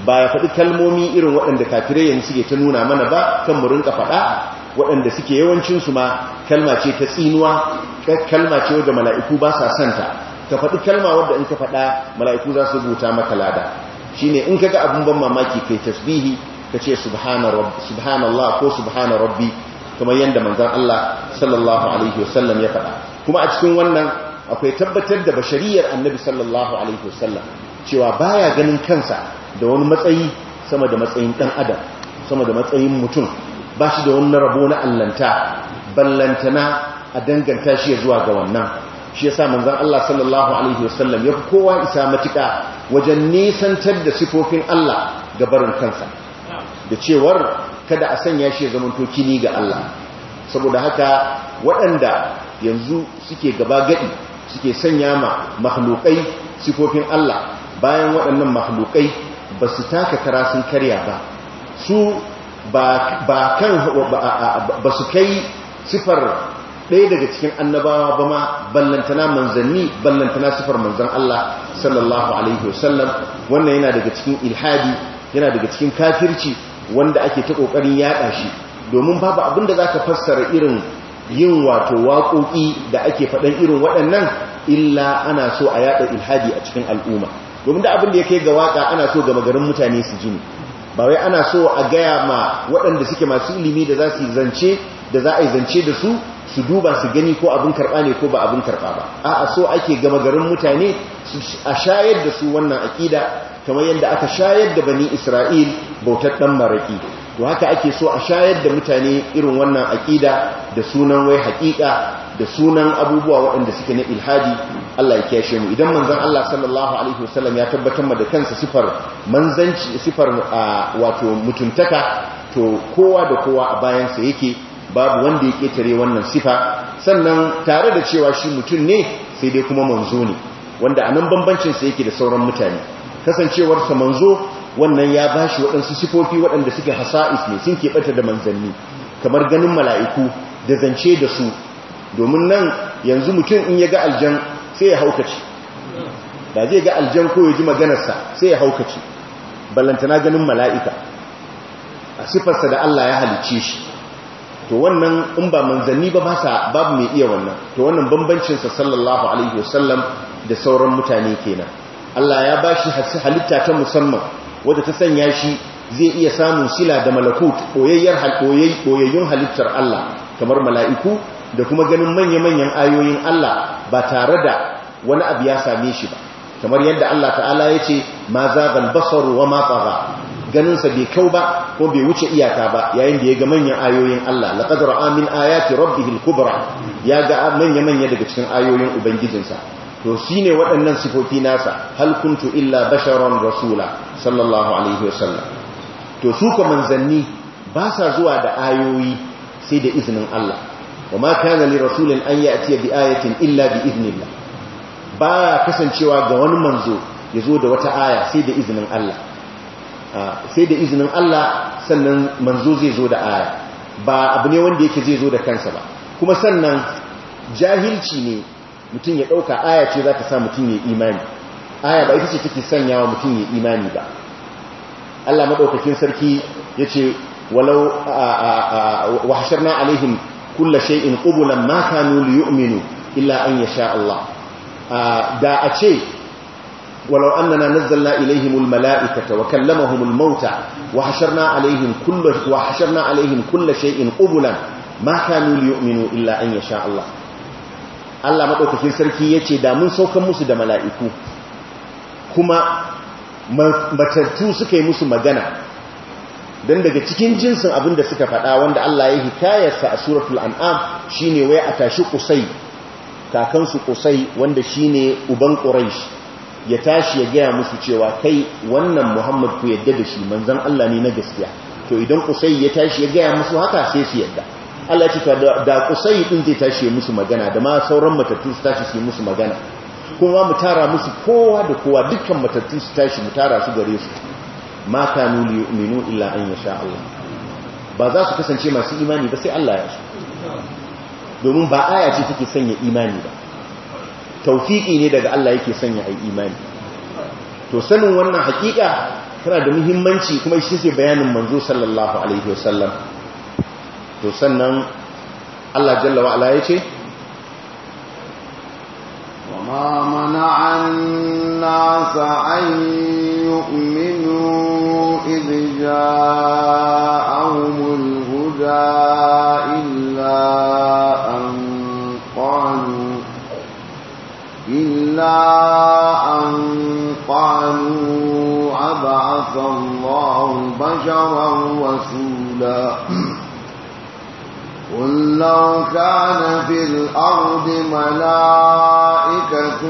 ba ya faɗi kalmomi irin waɗanda kafirai yanzu suke ta nuna mana ba kan mu rinka faɗa waɗanda suke yawancinsu ma kalma ce ta tsinuwa kalma ce wadda mala'iku ba sa santa ka faɗi kalma wadda in ka faɗa mala'iku za su rubuta maka lada shi ne in kaga abin ban mamaki kai tasbihi ka ce subhanallah ko subhana rabbi kamar yadda manzan Allah sallallahu alaihi wasallam ya faɗa kuma a cikin wannan akwai tabbatar da bashariyar annabi sallallahu alaihi wasallam cewa baya ganin kansa da wani matsayi sama da matsayin ɗan adam sama da matsayin mutum ba su da wannan rabo na allanta ballantana a danganta shi ya zuwa ga wannan shi ya yasa manzon Allah sallallahu alaihi wasallam ya kowa isa matuka wajen nisantar da sifofin Allah ga barin kansa da cewar kada a sanya shi ya zamanto kini ga Allah saboda haka waɗanda yanzu suke gaba gaɗi suke sanya ma mahalukai sifofin Allah bayan waɗannan mahalukai, ba su taka kara sun karya ba su ba kan ba su kai sifar ɗaya daga cikin annabawa ba ma ballantana manzanni ballantana sifar manzan Allah sallallahu alaihi wasallam wannan yana daga cikin ilhadi yana daga cikin kafirci wanda ake ta ƙoƙarin yaɗa shi domin babu abin da za ka fassara irin yin wato waƙoƙi da ake faɗan irin waɗannan illa ana so a yaɗa ilhadi a cikin al'umma domin da abin da ya kai ga waƙa ana so gama garin mutane su ji ne ba wai ana so a gaya ma waɗanda suke masu ilimi da za su zance da za a yi zance da su su duba su gani ko abin karɓa ne ko ba abin karɓa ba a'a so ake gama garin mutane a shayar da su wannan aƙida kamar yadda aka shayar da bani isra'il bautar ɗan maraƙi to haka ake so a shayar da mutane irin wannan aƙida da sunan wai haƙiƙa da sunan abubuwa waɗanda suke na ilhadi Allah ya kyashe mu idan manzon Allah sallallahu alaihi wasallam ya tabbatar ma da kansa sifar manzanci sifar wato mutuntaka to kowa da kowa a bayansa yake babu wanda ya ƙetare wannan sifa sannan tare da cewa shi mutum ne sai dai kuma manzo ne wanda anan bambancin sa yake da sauran mutane kasancewarsa manzo wannan ya ba shi waɗansu sifofi waɗanda suke hasa'is ne sun bata da manzanni kamar ganin mala'iku da zance da su domin nan yanzu mutum in ya ga aljan sai ya haukaci da zai ga aljan ko ya ji maganarsa sai ya haukaci ballantana ganin mala'ika a sifarsa da Allah ya halicce shi to wannan in ba manzanni ba basa babu mai iya wannan to wannan bambancinsa sallallahu alaihi wasallam da sauran mutane kenan Allah ya ba shi halitta ta musamman wadda ta sanya shi zai iya samun sila da malakut koyayyun halittar Allah kamar mala'iku da kuma ganin manya-manyan ayoyin Allah ba tare da wani abu ya same shi ba kamar yadda Allah ta'ala ya ce ma ban basaru wa ma ganinsa bai kyau ba ko bai wuce iyaka ba yayin da ya ga manyan ayoyin Allah laqad ra'a ayati rabbihil kubra ya ga manya-manya daga cikin ayoyin ubangijinsa to ne waɗannan sifofi nasa hal illa basharon rasula sallallahu alaihi wasallam to su ko manzanni ba sa zuwa da ayoyi sai da izinin Allah وما كان لرسول أن يأتي illa bi بإذن الله ba kasancewa ga wani manzo ya zo da wata aya sai da izinin Allah sai da izinin Allah sannan manzo zai zo da aya ba abu ne wanda yake zai zo da kansa ba kuma sannan jahilci ne mutum ya ɗauka aya ce za ta sa mutum ya imani aya ba ita ce take sanya wa mutum ya imani ba Allah maɗaukakin sarki ya ce walau wa hasharna alaihim kulla shay'in qubulan ma kanu liyu'minu illa an yasha Allah da a ce walau annana nazzalna ilaihimul mala'ikata wa kallamahumul mauta wa hasharna alaihim kullu wa hasharna alaihim kulla shay'in qubulan ma kanu liyu'minu illa an yasha Allah Allah maɗaukakin sarki ya ce da mun saukan musu da mala'iku kuma matattu suka yi musu magana don daga cikin jinsin abin da suka faɗa wanda Allah ya kayarsa a suratul an'am ne wai a tashi kusai kakansu kusai wanda shi ne uban ƙuraish ya tashi ya gaya musu cewa kai wannan Muhammad ku yadda da shi manzon Allah ne na gaskiya to idan ƙusai ya tashi ya gaya musu haka sai su yadda Allah ce da kusai din zai tashi musu magana da ma sauran matattu su tashi su musu magana kuma mu tara musu kowa da kowa dukkan matattu su tashi mu tara su gare su ma kanu liyuminu illa an yasha Allah ba za su kasance masu imani ba sai Allah ya so domin ba aya ce take sanya imani ba tawfiki ne daga Allah yake sanya ai imani to sanin wannan hakika tana da muhimmanci kuma shi sai bayanin manzo sallallahu alaihi wasallam to sannan Allah jalla wa ala yace wa ma mana'an nasa an yu'minu idh ja'ahumul huda illa an qalu illa an qalu أبعث الله بشرا رسولا قل لو كان في الأرض ملائكة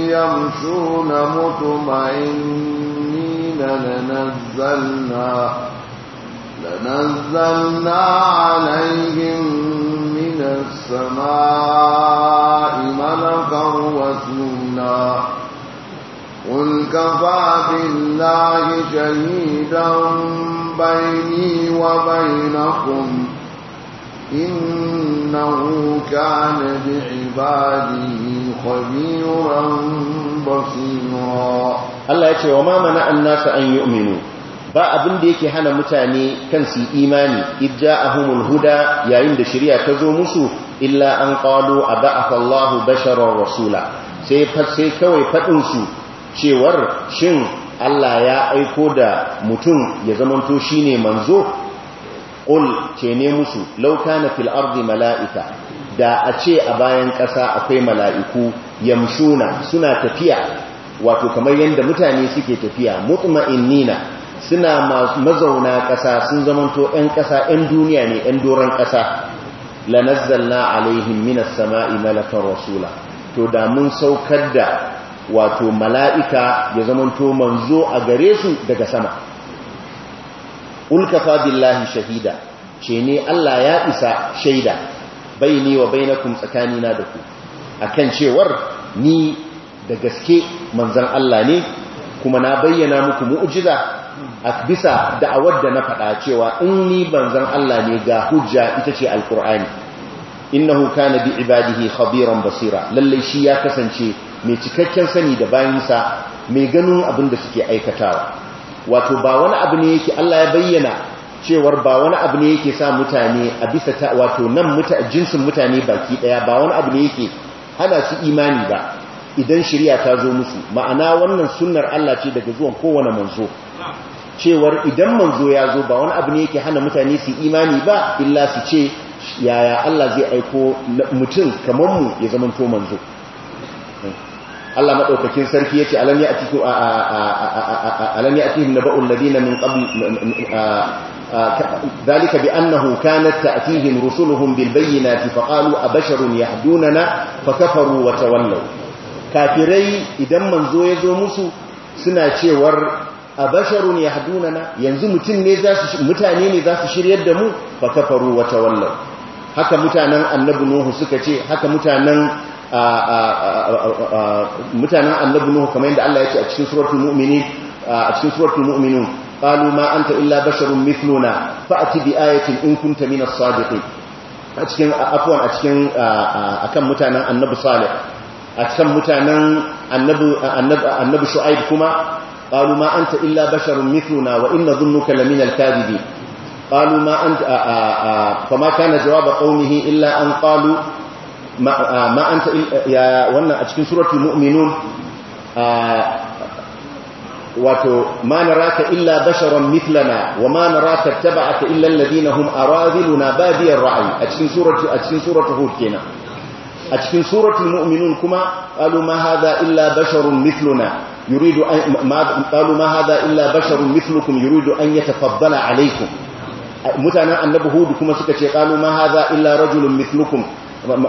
يمشون مطمئنين لنزلنا لنزلنا عليهم من السماء ملكا رسولا قل كفى بالله شهيدا بيني وبينكم إنه كان بعباده خبيرا بصيرا الله يقول وما منع الناس أن يؤمنوا ba abin da yake hana mutane kan su imani idja ahumul huda yayin da shari'a ta zo musu illa an qalu aba'athallahu bashara rasula sai sai kawai fadin su cewar shin Allah ya aiko da mutum ya zamanto shine manzo ƙul ce ne musu lauka na fil'ardi mala'ika da a ce a bayan ƙasa akwai mala'iku yamshuna suna tafiya wato kamar yadda mutane suke tafiya nina, suna mazauna ƙasa sun zamanto ‘yan ƙasa ‘yan duniya ne ‘yan doron ƙasa La na, alaihin minas sama'i malakan rasula to da mun saukar da wato mala'ika ya zamanto manzo a gare su daga sama ulkafa billahi shahida ce ne Allah ya isa shaida ne wa bainakum tsakanina da ku A kan cewar ni da gaske manzan Allah ne kuma na bayyana muku mu'jiza a bisa da a wadda na faɗa cewa in ni banzan Allah ne ga hujja ita ce alkur'ani huka na bi ibadihi khabiran basira lallai shi ya kasance mai cikakken sani da bayansa mai ganin abin da suke aikatawa wato ba wani abu ne yake Allah ya bayyana cewar ba wani abu ne yake sa mutane a bisa ta wato nan jinsin mutane baki daya ba wani abu ne yake hana su imani ba idan shari'a ta zo musu ma'ana wannan sunnar Allah ce daga zuwan kowane manzo cewar idan manzo ya zo ba wani abu ne yake hana mutane su imani ba illa su ce yaya Allah zai aiko mutum kamar mu ya zama to manzo Allah madaukakin sarki yace alam ya atikum a alam ya atihim naba'ul ladina min qabl dalika bi annahu kanat ta'tihim rusuluhum bil bayyinati a qalu abasharun yahdunana fa kafaru wa tawallu kafirai idan manzo yazo musu suna cewar abasharun yahdunana yanzu mutun ne zasu mutane ne zasu shiryar da mu fa kafaru wa tawallu haka mutanen annabi nuhu suka ce haka mutanen mutanen annabi nuhu kamar yadda Allah ya ce a cikin suratul mu'minin a cikin suratul mu'minun qalu ma anta illa basharun mithluna fa'ti bi ayatin in kunta minas sadiqin a cikin afwan a cikin akan mutanen annabi salih a cikin mutanen annabi annabi shu'aib kuma qalu ma anta illa basharun mithluna wa inna dhunnuka laminal kadhibin qalu ma anta fama kana jawab qaumihi illa an qalu ma anta ya wannan a cikin suratul mu'minun wato ma naraka illa basharan mithlana wa ma naraka taba'aka illa alladhina hum aradiluna badiyar ra'ayi a cikin suratul a cikin suratul hud kenan a cikin suratul mu'minun kuma qalu ma hadha illa basharun mithluna yuridu an qalu ma hadha illa basharun mithlukum yuridu an yatafaddala alaykum mutanen annabi hud kuma suka ce qalu ma hadha illa rajulun mithlukum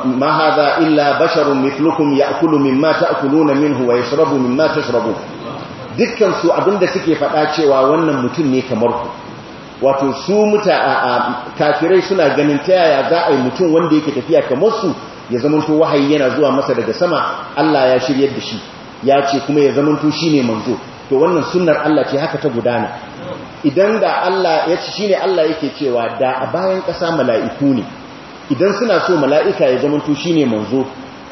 ما هذا إلا بشر مثلكم يأكل مما تأكلون منه ويشرب مما تشربون dukkan su abinda suke faɗa cewa wannan mutum ne kamar ku wato su muta kafirai suna ganin ta yaya za a yi mutum wanda yake tafiya kamar su ya zamanto wahayi yana zuwa masa daga sama Allah ya shiryar da shi ya ce kuma ya zamanto shine manzo to wannan sunnar Allah ce haka ta gudana idan da Allah ya ce shine Allah yake cewa da a bayan ƙasa mala'iku ne idan suna so mala'ika ya shi ne manzo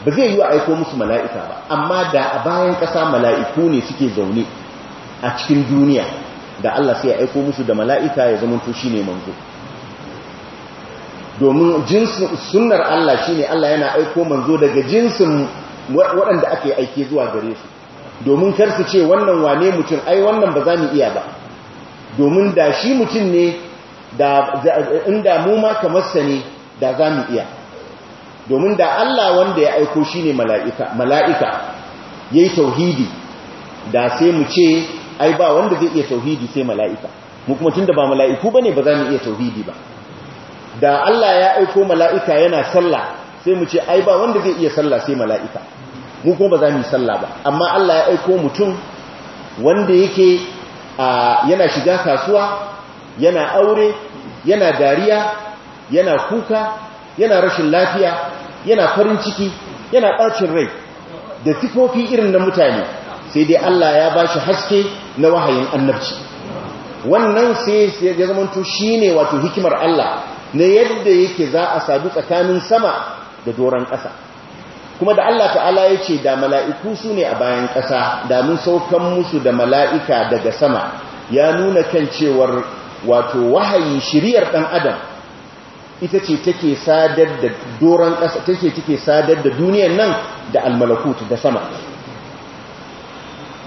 ba zai yi wa aiko musu mala'ika ba amma da a bayan ƙasa mala'iku ne suke zaune a cikin duniya da Allah sai ya aiko musu da mala'ika ya shi ne manzo domin jinsin sunar Allah shi ne Allah yana aiko manzo daga jinsin waɗanda ake aike zuwa gare su domin kar su ce wannan wane mutum ai wannan ba za mu iya ba domin da shi mutum ne da inda mu ma kamar sa da za mu iya domin da Allah wanda ya aiko shi ne mala'ika ya yi tauhidi da sai mu ce ai ba wanda zai iya tauhidi sai mala'ika mu kuma tun da ba mala'iku ba ne ba za mu iya tauhidi ba da Allah ya aiko mala'ika yana sallah sai mu ce ai ba wanda zai iya sallah sai mala'ika mu kuma ba za mu yi sallah ba amma Allah ya aiko mutum wanda yake yana shiga kasuwa yana aure yana dariya yana kuka yana rashin lafiya yana farin ciki yana ɓacin rai da sifofi irin na mutane sai dai Allah ya ba shi haske na wahayin annabci wannan sai ya zamanto shi ne wato hikimar Allah na yadda yake za a sadu tsakanin sama da doron ƙasa kuma da Allah ta'ala ya ce da mala'iku su ne a bayan ƙasa da mun saukan musu da mala'ika daga sama ya nuna kan cewar wato wahayi shiriyar ɗan adam ita ce take sadar da doron ƙasa take take sadar da duniyan nan da almalakut da sama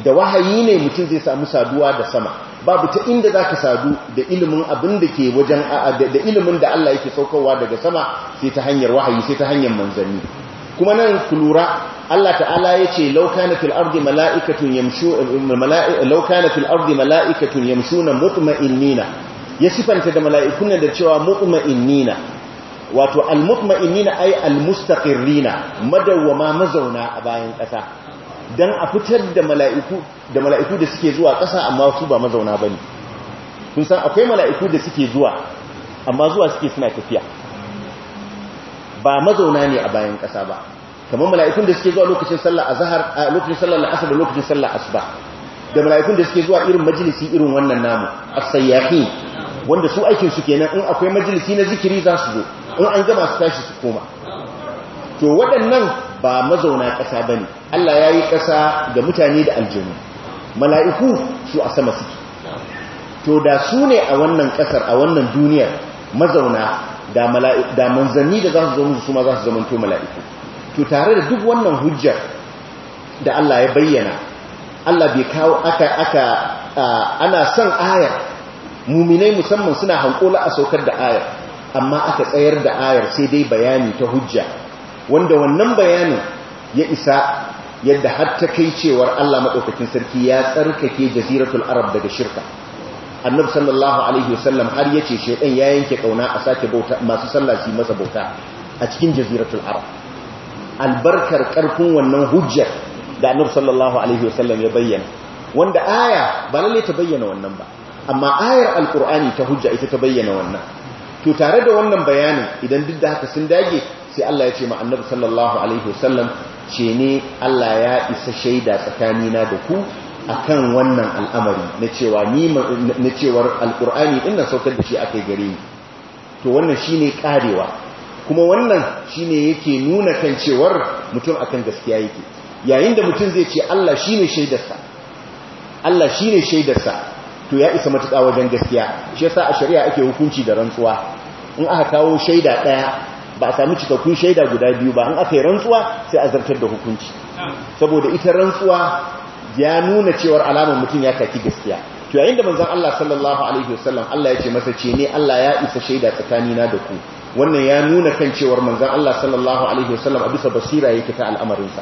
da wahayi ne mutum zai samu saduwa da sama babu ta inda za ka sadu da ilimin abin da ke wajen da ilimin da Allah yake saukowa daga sama sai ta hanyar wahayi sai ta hanyar manzanni kuma nan ku lura Allah ta'ala ya ce laukana fil mala'ikatun laukana fil ardi mala'ikatun yamshuna mutma'innina ya sifanta da mala'ikun da cewa mu'ma'innina wato al-mu'ma'innina ai al-mustaqirrina madawwama mazauna a bayan ƙasa don a fitar da mala'iku da mala'iku da suke zuwa ƙasa amma su ba mazauna ba ne. kun san akwai mala'iku da suke zuwa amma zuwa suke suna tafiya ba mazauna ne a bayan ƙasa ba kamar mala'ikun da suke zuwa lokacin sallar azhar lokacin sallar da lokacin sallar asuba da mala'ikun da suke zuwa irin majalisi irin wannan namu a sayyafi wanda su aikin su kenan in akwai majalisi na zikiri za su zo in an gama su tashi su koma to waɗannan ba mazauna ƙasa bane Allah ya yi ƙasa ga mutane da aljanu mala'iku su a sama suke to da su ne a wannan ƙasar a wannan duniyar mazauna da manzanni da za su zo musu su za su zamanto mala'iku to tare da duk wannan hujjar da Allah ya bayyana Allah bai kawo aka aka ana son ayar muminai musamman suna hankola a saukar da ayar amma aka tsayar da ayar sai dai bayani ta hujja wanda wannan bayanin ya isa yadda har ta kai cewar Allah maɗaukakin sarki ya tsarkake jaziratul arab daga shirka annabi sallallahu alaihi wasallam har yace shedan ya yanke kauna a sake bauta masu sallah su masa bauta a cikin jaziratul arab albarkar karfin wannan hujjar da annabi sallallahu alaihi wasallam ya bayyana wanda aya ba lalle ta bayyana wannan ba amma ayar alkur'ani ta hujja ita ta bayyana wannan to tare da wannan bayanin idan duk da haka sun dage sai Allah ya ce ma annabi sallallahu alaihi wasallam ce ne Allah ya isa shaida tsakanina da ku akan wannan al'amari na cewa ni na cewar alkur'ani din nan saukar da shi akai gare ni to wannan shine karewa kuma wannan shine yake nuna kan cewar mutum akan gaskiya yake yayin da mutum zai ce Allah shine shaidarsa Allah shine shaidarsa to ya isa matuƙa wajen gaskiya shi yasa a shari'a ake hukunci da rantsuwa in aka kawo shaida ɗaya ba a sami cikakkun shaida guda biyu ba in aka yi rantsuwa sai a zartar da hukunci saboda ita rantsuwa ya nuna cewar alamar mutum ya kaki gaskiya to yayin da manzon Allah sallallahu alaihi wasallam Allah ya ce masa ce ne Allah ya isa shaida na da ku wannan ya nuna kan cewar manzon Allah sallallahu alaihi wasallam a bisa basira yake ta al'amarinsa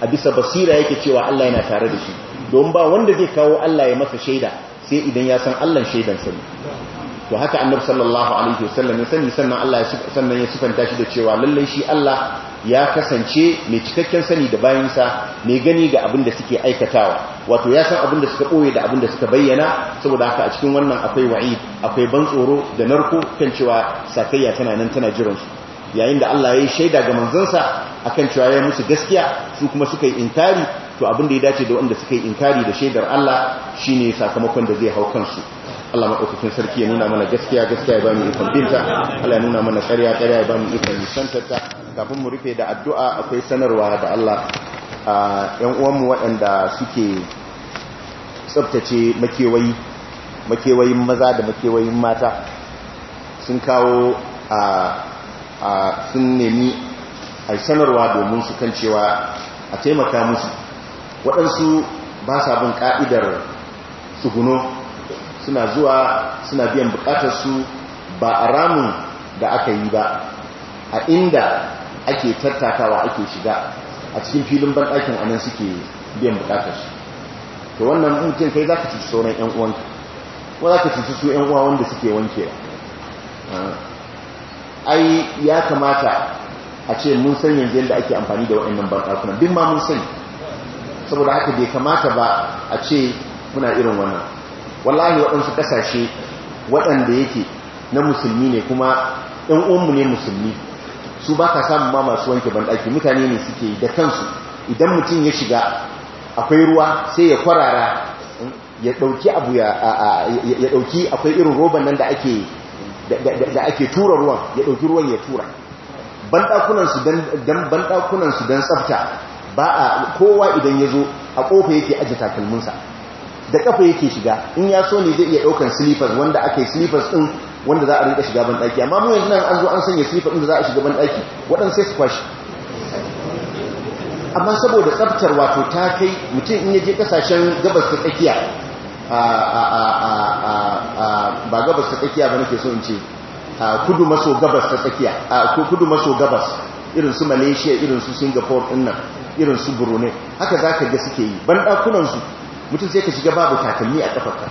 a bisa basira yake cewa Allah yana tare da shi don ba wanda zai kawo Allah ya masa shaida sai idan ya san Allah shaidan sani to haka annabi sallallahu alaihi wasallam ya sani sannan Allah sannan ya sifanta shi da cewa lalle shi Allah ya kasance mai cikakken sani da bayansa mai gani ga abin da suke aikatawa wato ya san abin da suka boye da abin da suka bayyana saboda haka a cikin wannan akwai wa'id akwai ban tsoro da narko kan cewa sakayya tana nan tana jiran su yayin da Allah ya yi shaida ga manzansa akan cewa ya musu gaskiya su kuma suka yi intari to abin da ya dace da wanda suka yi inkari da shaidar Allah shi ne sakamakon da zai hau kansu Allah maɗaukakin sarki ya nuna mana gaskiya gaskiya ya ba ikon binta Allah ya nuna mana ƙarya ƙarya ya ba ikon nisantarta kafin mu rufe da addu'a akwai sanarwa da Allah a ƴan uwanmu waɗanda suke tsabtace makewayi makewayin maza da makewayin mata sun kawo a sun nemi a sanarwa domin su kan cewa a taimaka musu waɗansu ba sa bin ƙa'idar tsuguno suna zuwa suna biyan buƙatarsu ba a ramin da aka yi ba a inda ake tattakawa ake shiga a cikin filin banɗakin a nan suke biyan buƙatarsu to wannan mutum kai za ka cuci sauran 'yan uwanka ko za ka cuci su 'yan uwa wanda suke wanke ai ya kamata a ce mun san yanzu yadda ake amfani da waɗannan banɗakunan duk ma mun sani saboda haka bai kamata ba a ce muna irin wannan wallahi waɗansu ƙasashe waɗanda yake na musulmi ne kuma ɗan uwanmu ne musulmi su ba ka samun ma masu wanke banɗaki mutane ne suke yi da kansu idan mutum ya shiga akwai ruwa sai ya kwarara ya ɗauki abu ya ɗauki akwai irin roban nan da ake tura ruwan ya ɗauki ruwan ya tura banɗakunansu don tsafta ba a kowa idan ya zo a kofa yake ajiye takalminsa da kafa yake shiga in ya so ne zai iya daukan slippers wanda aka yi slippers din wanda za a rinka shiga ban daki amma mu yanzu nan an zo an sanya slipper din da za a shiga ban daki wadan sai su kwashi amma saboda tsaftar wato ta kai mutum in ya je kasashen gabas ta tsakiya ba gabas ta tsakiya ba nake so in ce kudu maso gabas ta tsakiya kudu maso gabas irin su malaysia irin su singapore din nan irin su burune haka za ka ga suke yi ban ɗakunansu mutum sai ka shiga babu takalmi a ƙafarka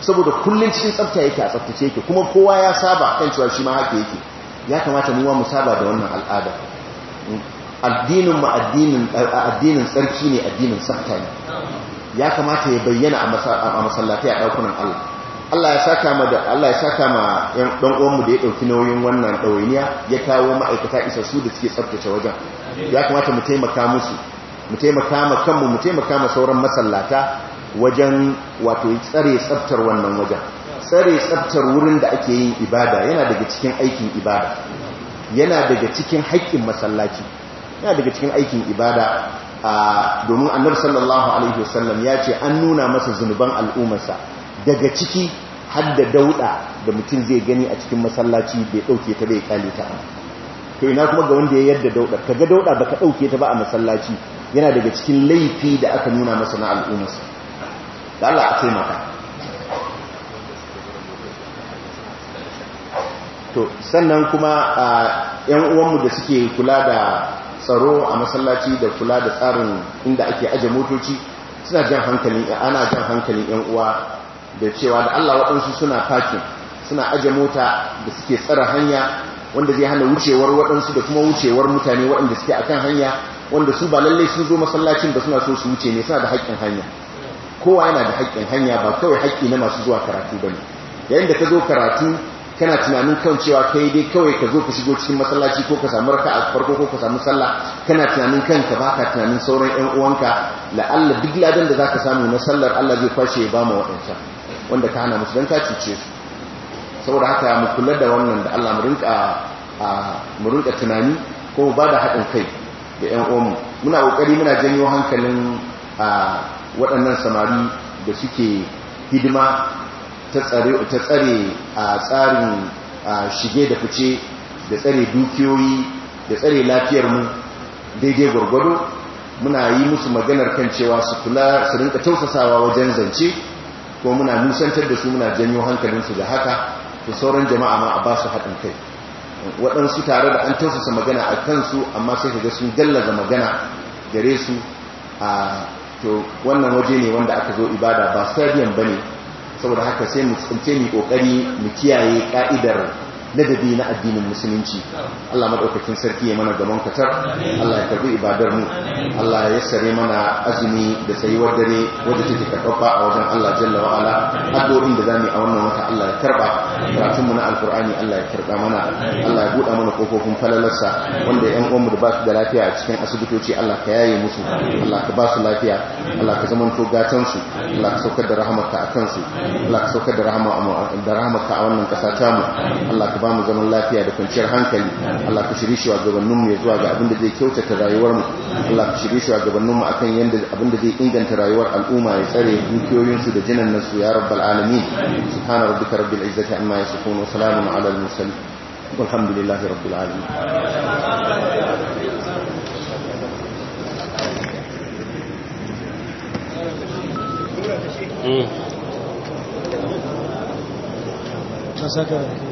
saboda kullum cikin tsafta yake a tsaftace yake kuma kowa ya saba kan cewa shi ma haka yake ya kamata mu mu saba da wannan al'ada addinin mu addinin tsarki ne addinin tsafta ne ya kamata ya bayyana a masallatai a ɗakunan Allah Allah ya saka ma da Allah ya saka ma ɗan uwan mu da ya ɗauki nauyin wannan ɗawainiya ya kawo ma'aikata isa su da suke tsaftace wajen ya kamata mu taimaka musu mu taimaka ma kanmu mu taimaka ma sauran masallata wajen wato tsare tsaftar wannan wajen tsare tsaftar wurin da ake yin ibada yana daga cikin aikin ibada yana daga cikin haƙƙin masallaci yana daga cikin aikin ibada domin annabi sallallahu alaihi wasallam ya ce an nuna masa zunuban al'ummarsa daga ciki har da dauda da mutum zai gani a cikin masallaci bai dauke ta bai kale ta to ina kuma ga wanda ya yarda dauda kaga dauda baka ɗauke ta ba a masallaci yana daga cikin laifi da aka nuna masa na al'ummarsa da Allah a taimaka to sannan kuma yan uwanmu da suke kula da tsaro a masallaci da kula da tsarin inda ake aje motoci suna jan hankali ana jan hankali yan uwa da cewa da Allah waɗansu suna fakin suna aje mota da suke tsara hanya wanda zai hana wucewar waɗansu da kuma wucewar mutane waɗanda suke akan hanya wanda su ba lallai sun zo masallacin da suna so su wuce ne suna da haƙƙin hanya kowa yana da haƙƙin hanya ba kawai haƙƙi na masu zuwa karatu bane yayin da ka zo karatu kana tunanin kan cewa kai dai kawai ka zo ka shigo cikin masallaci ko ka samu raka'a farko ko ka samu sallah kana tunanin kanka baka tunanin sauran ƴan uwanka la'alla duk ladan da zaka samu na sallar Allah zai kwashe ya ba mu waɗancan wanda ka hana musu don ka cice su saboda haka mu kula da wannan da Allah mu rinka tunani ko mu ba da haɗin kai da 'yan omu muna ƙoƙari muna janyo hankalin waɗannan samari da suke hidima ta tsare a tsarin shige da fice da tsare dukiyoyi da tsare lafiyarmu daidai gwargwado muna yi musu maganar kan cewa su kula su rinka tausasawa wajen zance ko muna nusantar da su muna janyo hankalinsu da haka to sauran jama'a ma a ba su haɗin kai waɗansu tare da an tausasa magana a kansu amma sai kaga sun gallaza magana gare su a to wannan waje ne wanda aka zo ibada ba stadium bane saboda haka sai mu tsince mu kokari mu kiyaye ka'idar ladabi na addinin musulunci Allah maɗaukakin sarki ya mana gaban katar Allah ya karbi ibadar mu Allah ya sare mana azumi da tsayuwar dare wadda take karɓaɓa a wajen Allah jalla wa ala addu'o'in da zamu yi a wannan wata Allah ya karɓa karatun mu na alqur'ani Allah ya karɓa mana Allah ya buɗa mana kofofin falalarsa wanda ƴan uwanmu da ba su da lafiya a cikin asibitoci Allah ka yaye musu Allah ka ba su lafiya Allah ka zamanto gatan su Allah ka saukar da rahamarka akan su Allah ka saukar da rahama rahamarka a wannan ƙasa ta mu Allah ka ba mu zaman lafiya da kwanciyar hankali Allah ka shirye shi wa gabanin ya zuwa ga abin zai kyautata rayuwar Allah ka shirye shi wa gabanin akan yanda abin zai inganta rayuwar al'umma ya tsare dukiyoyin su da jinan nasu ya rabbal alamin subhana rabbika rabbil izzati amma yasifun wa salamun ala al mursalin walhamdulillahi rabbil alamin Mm.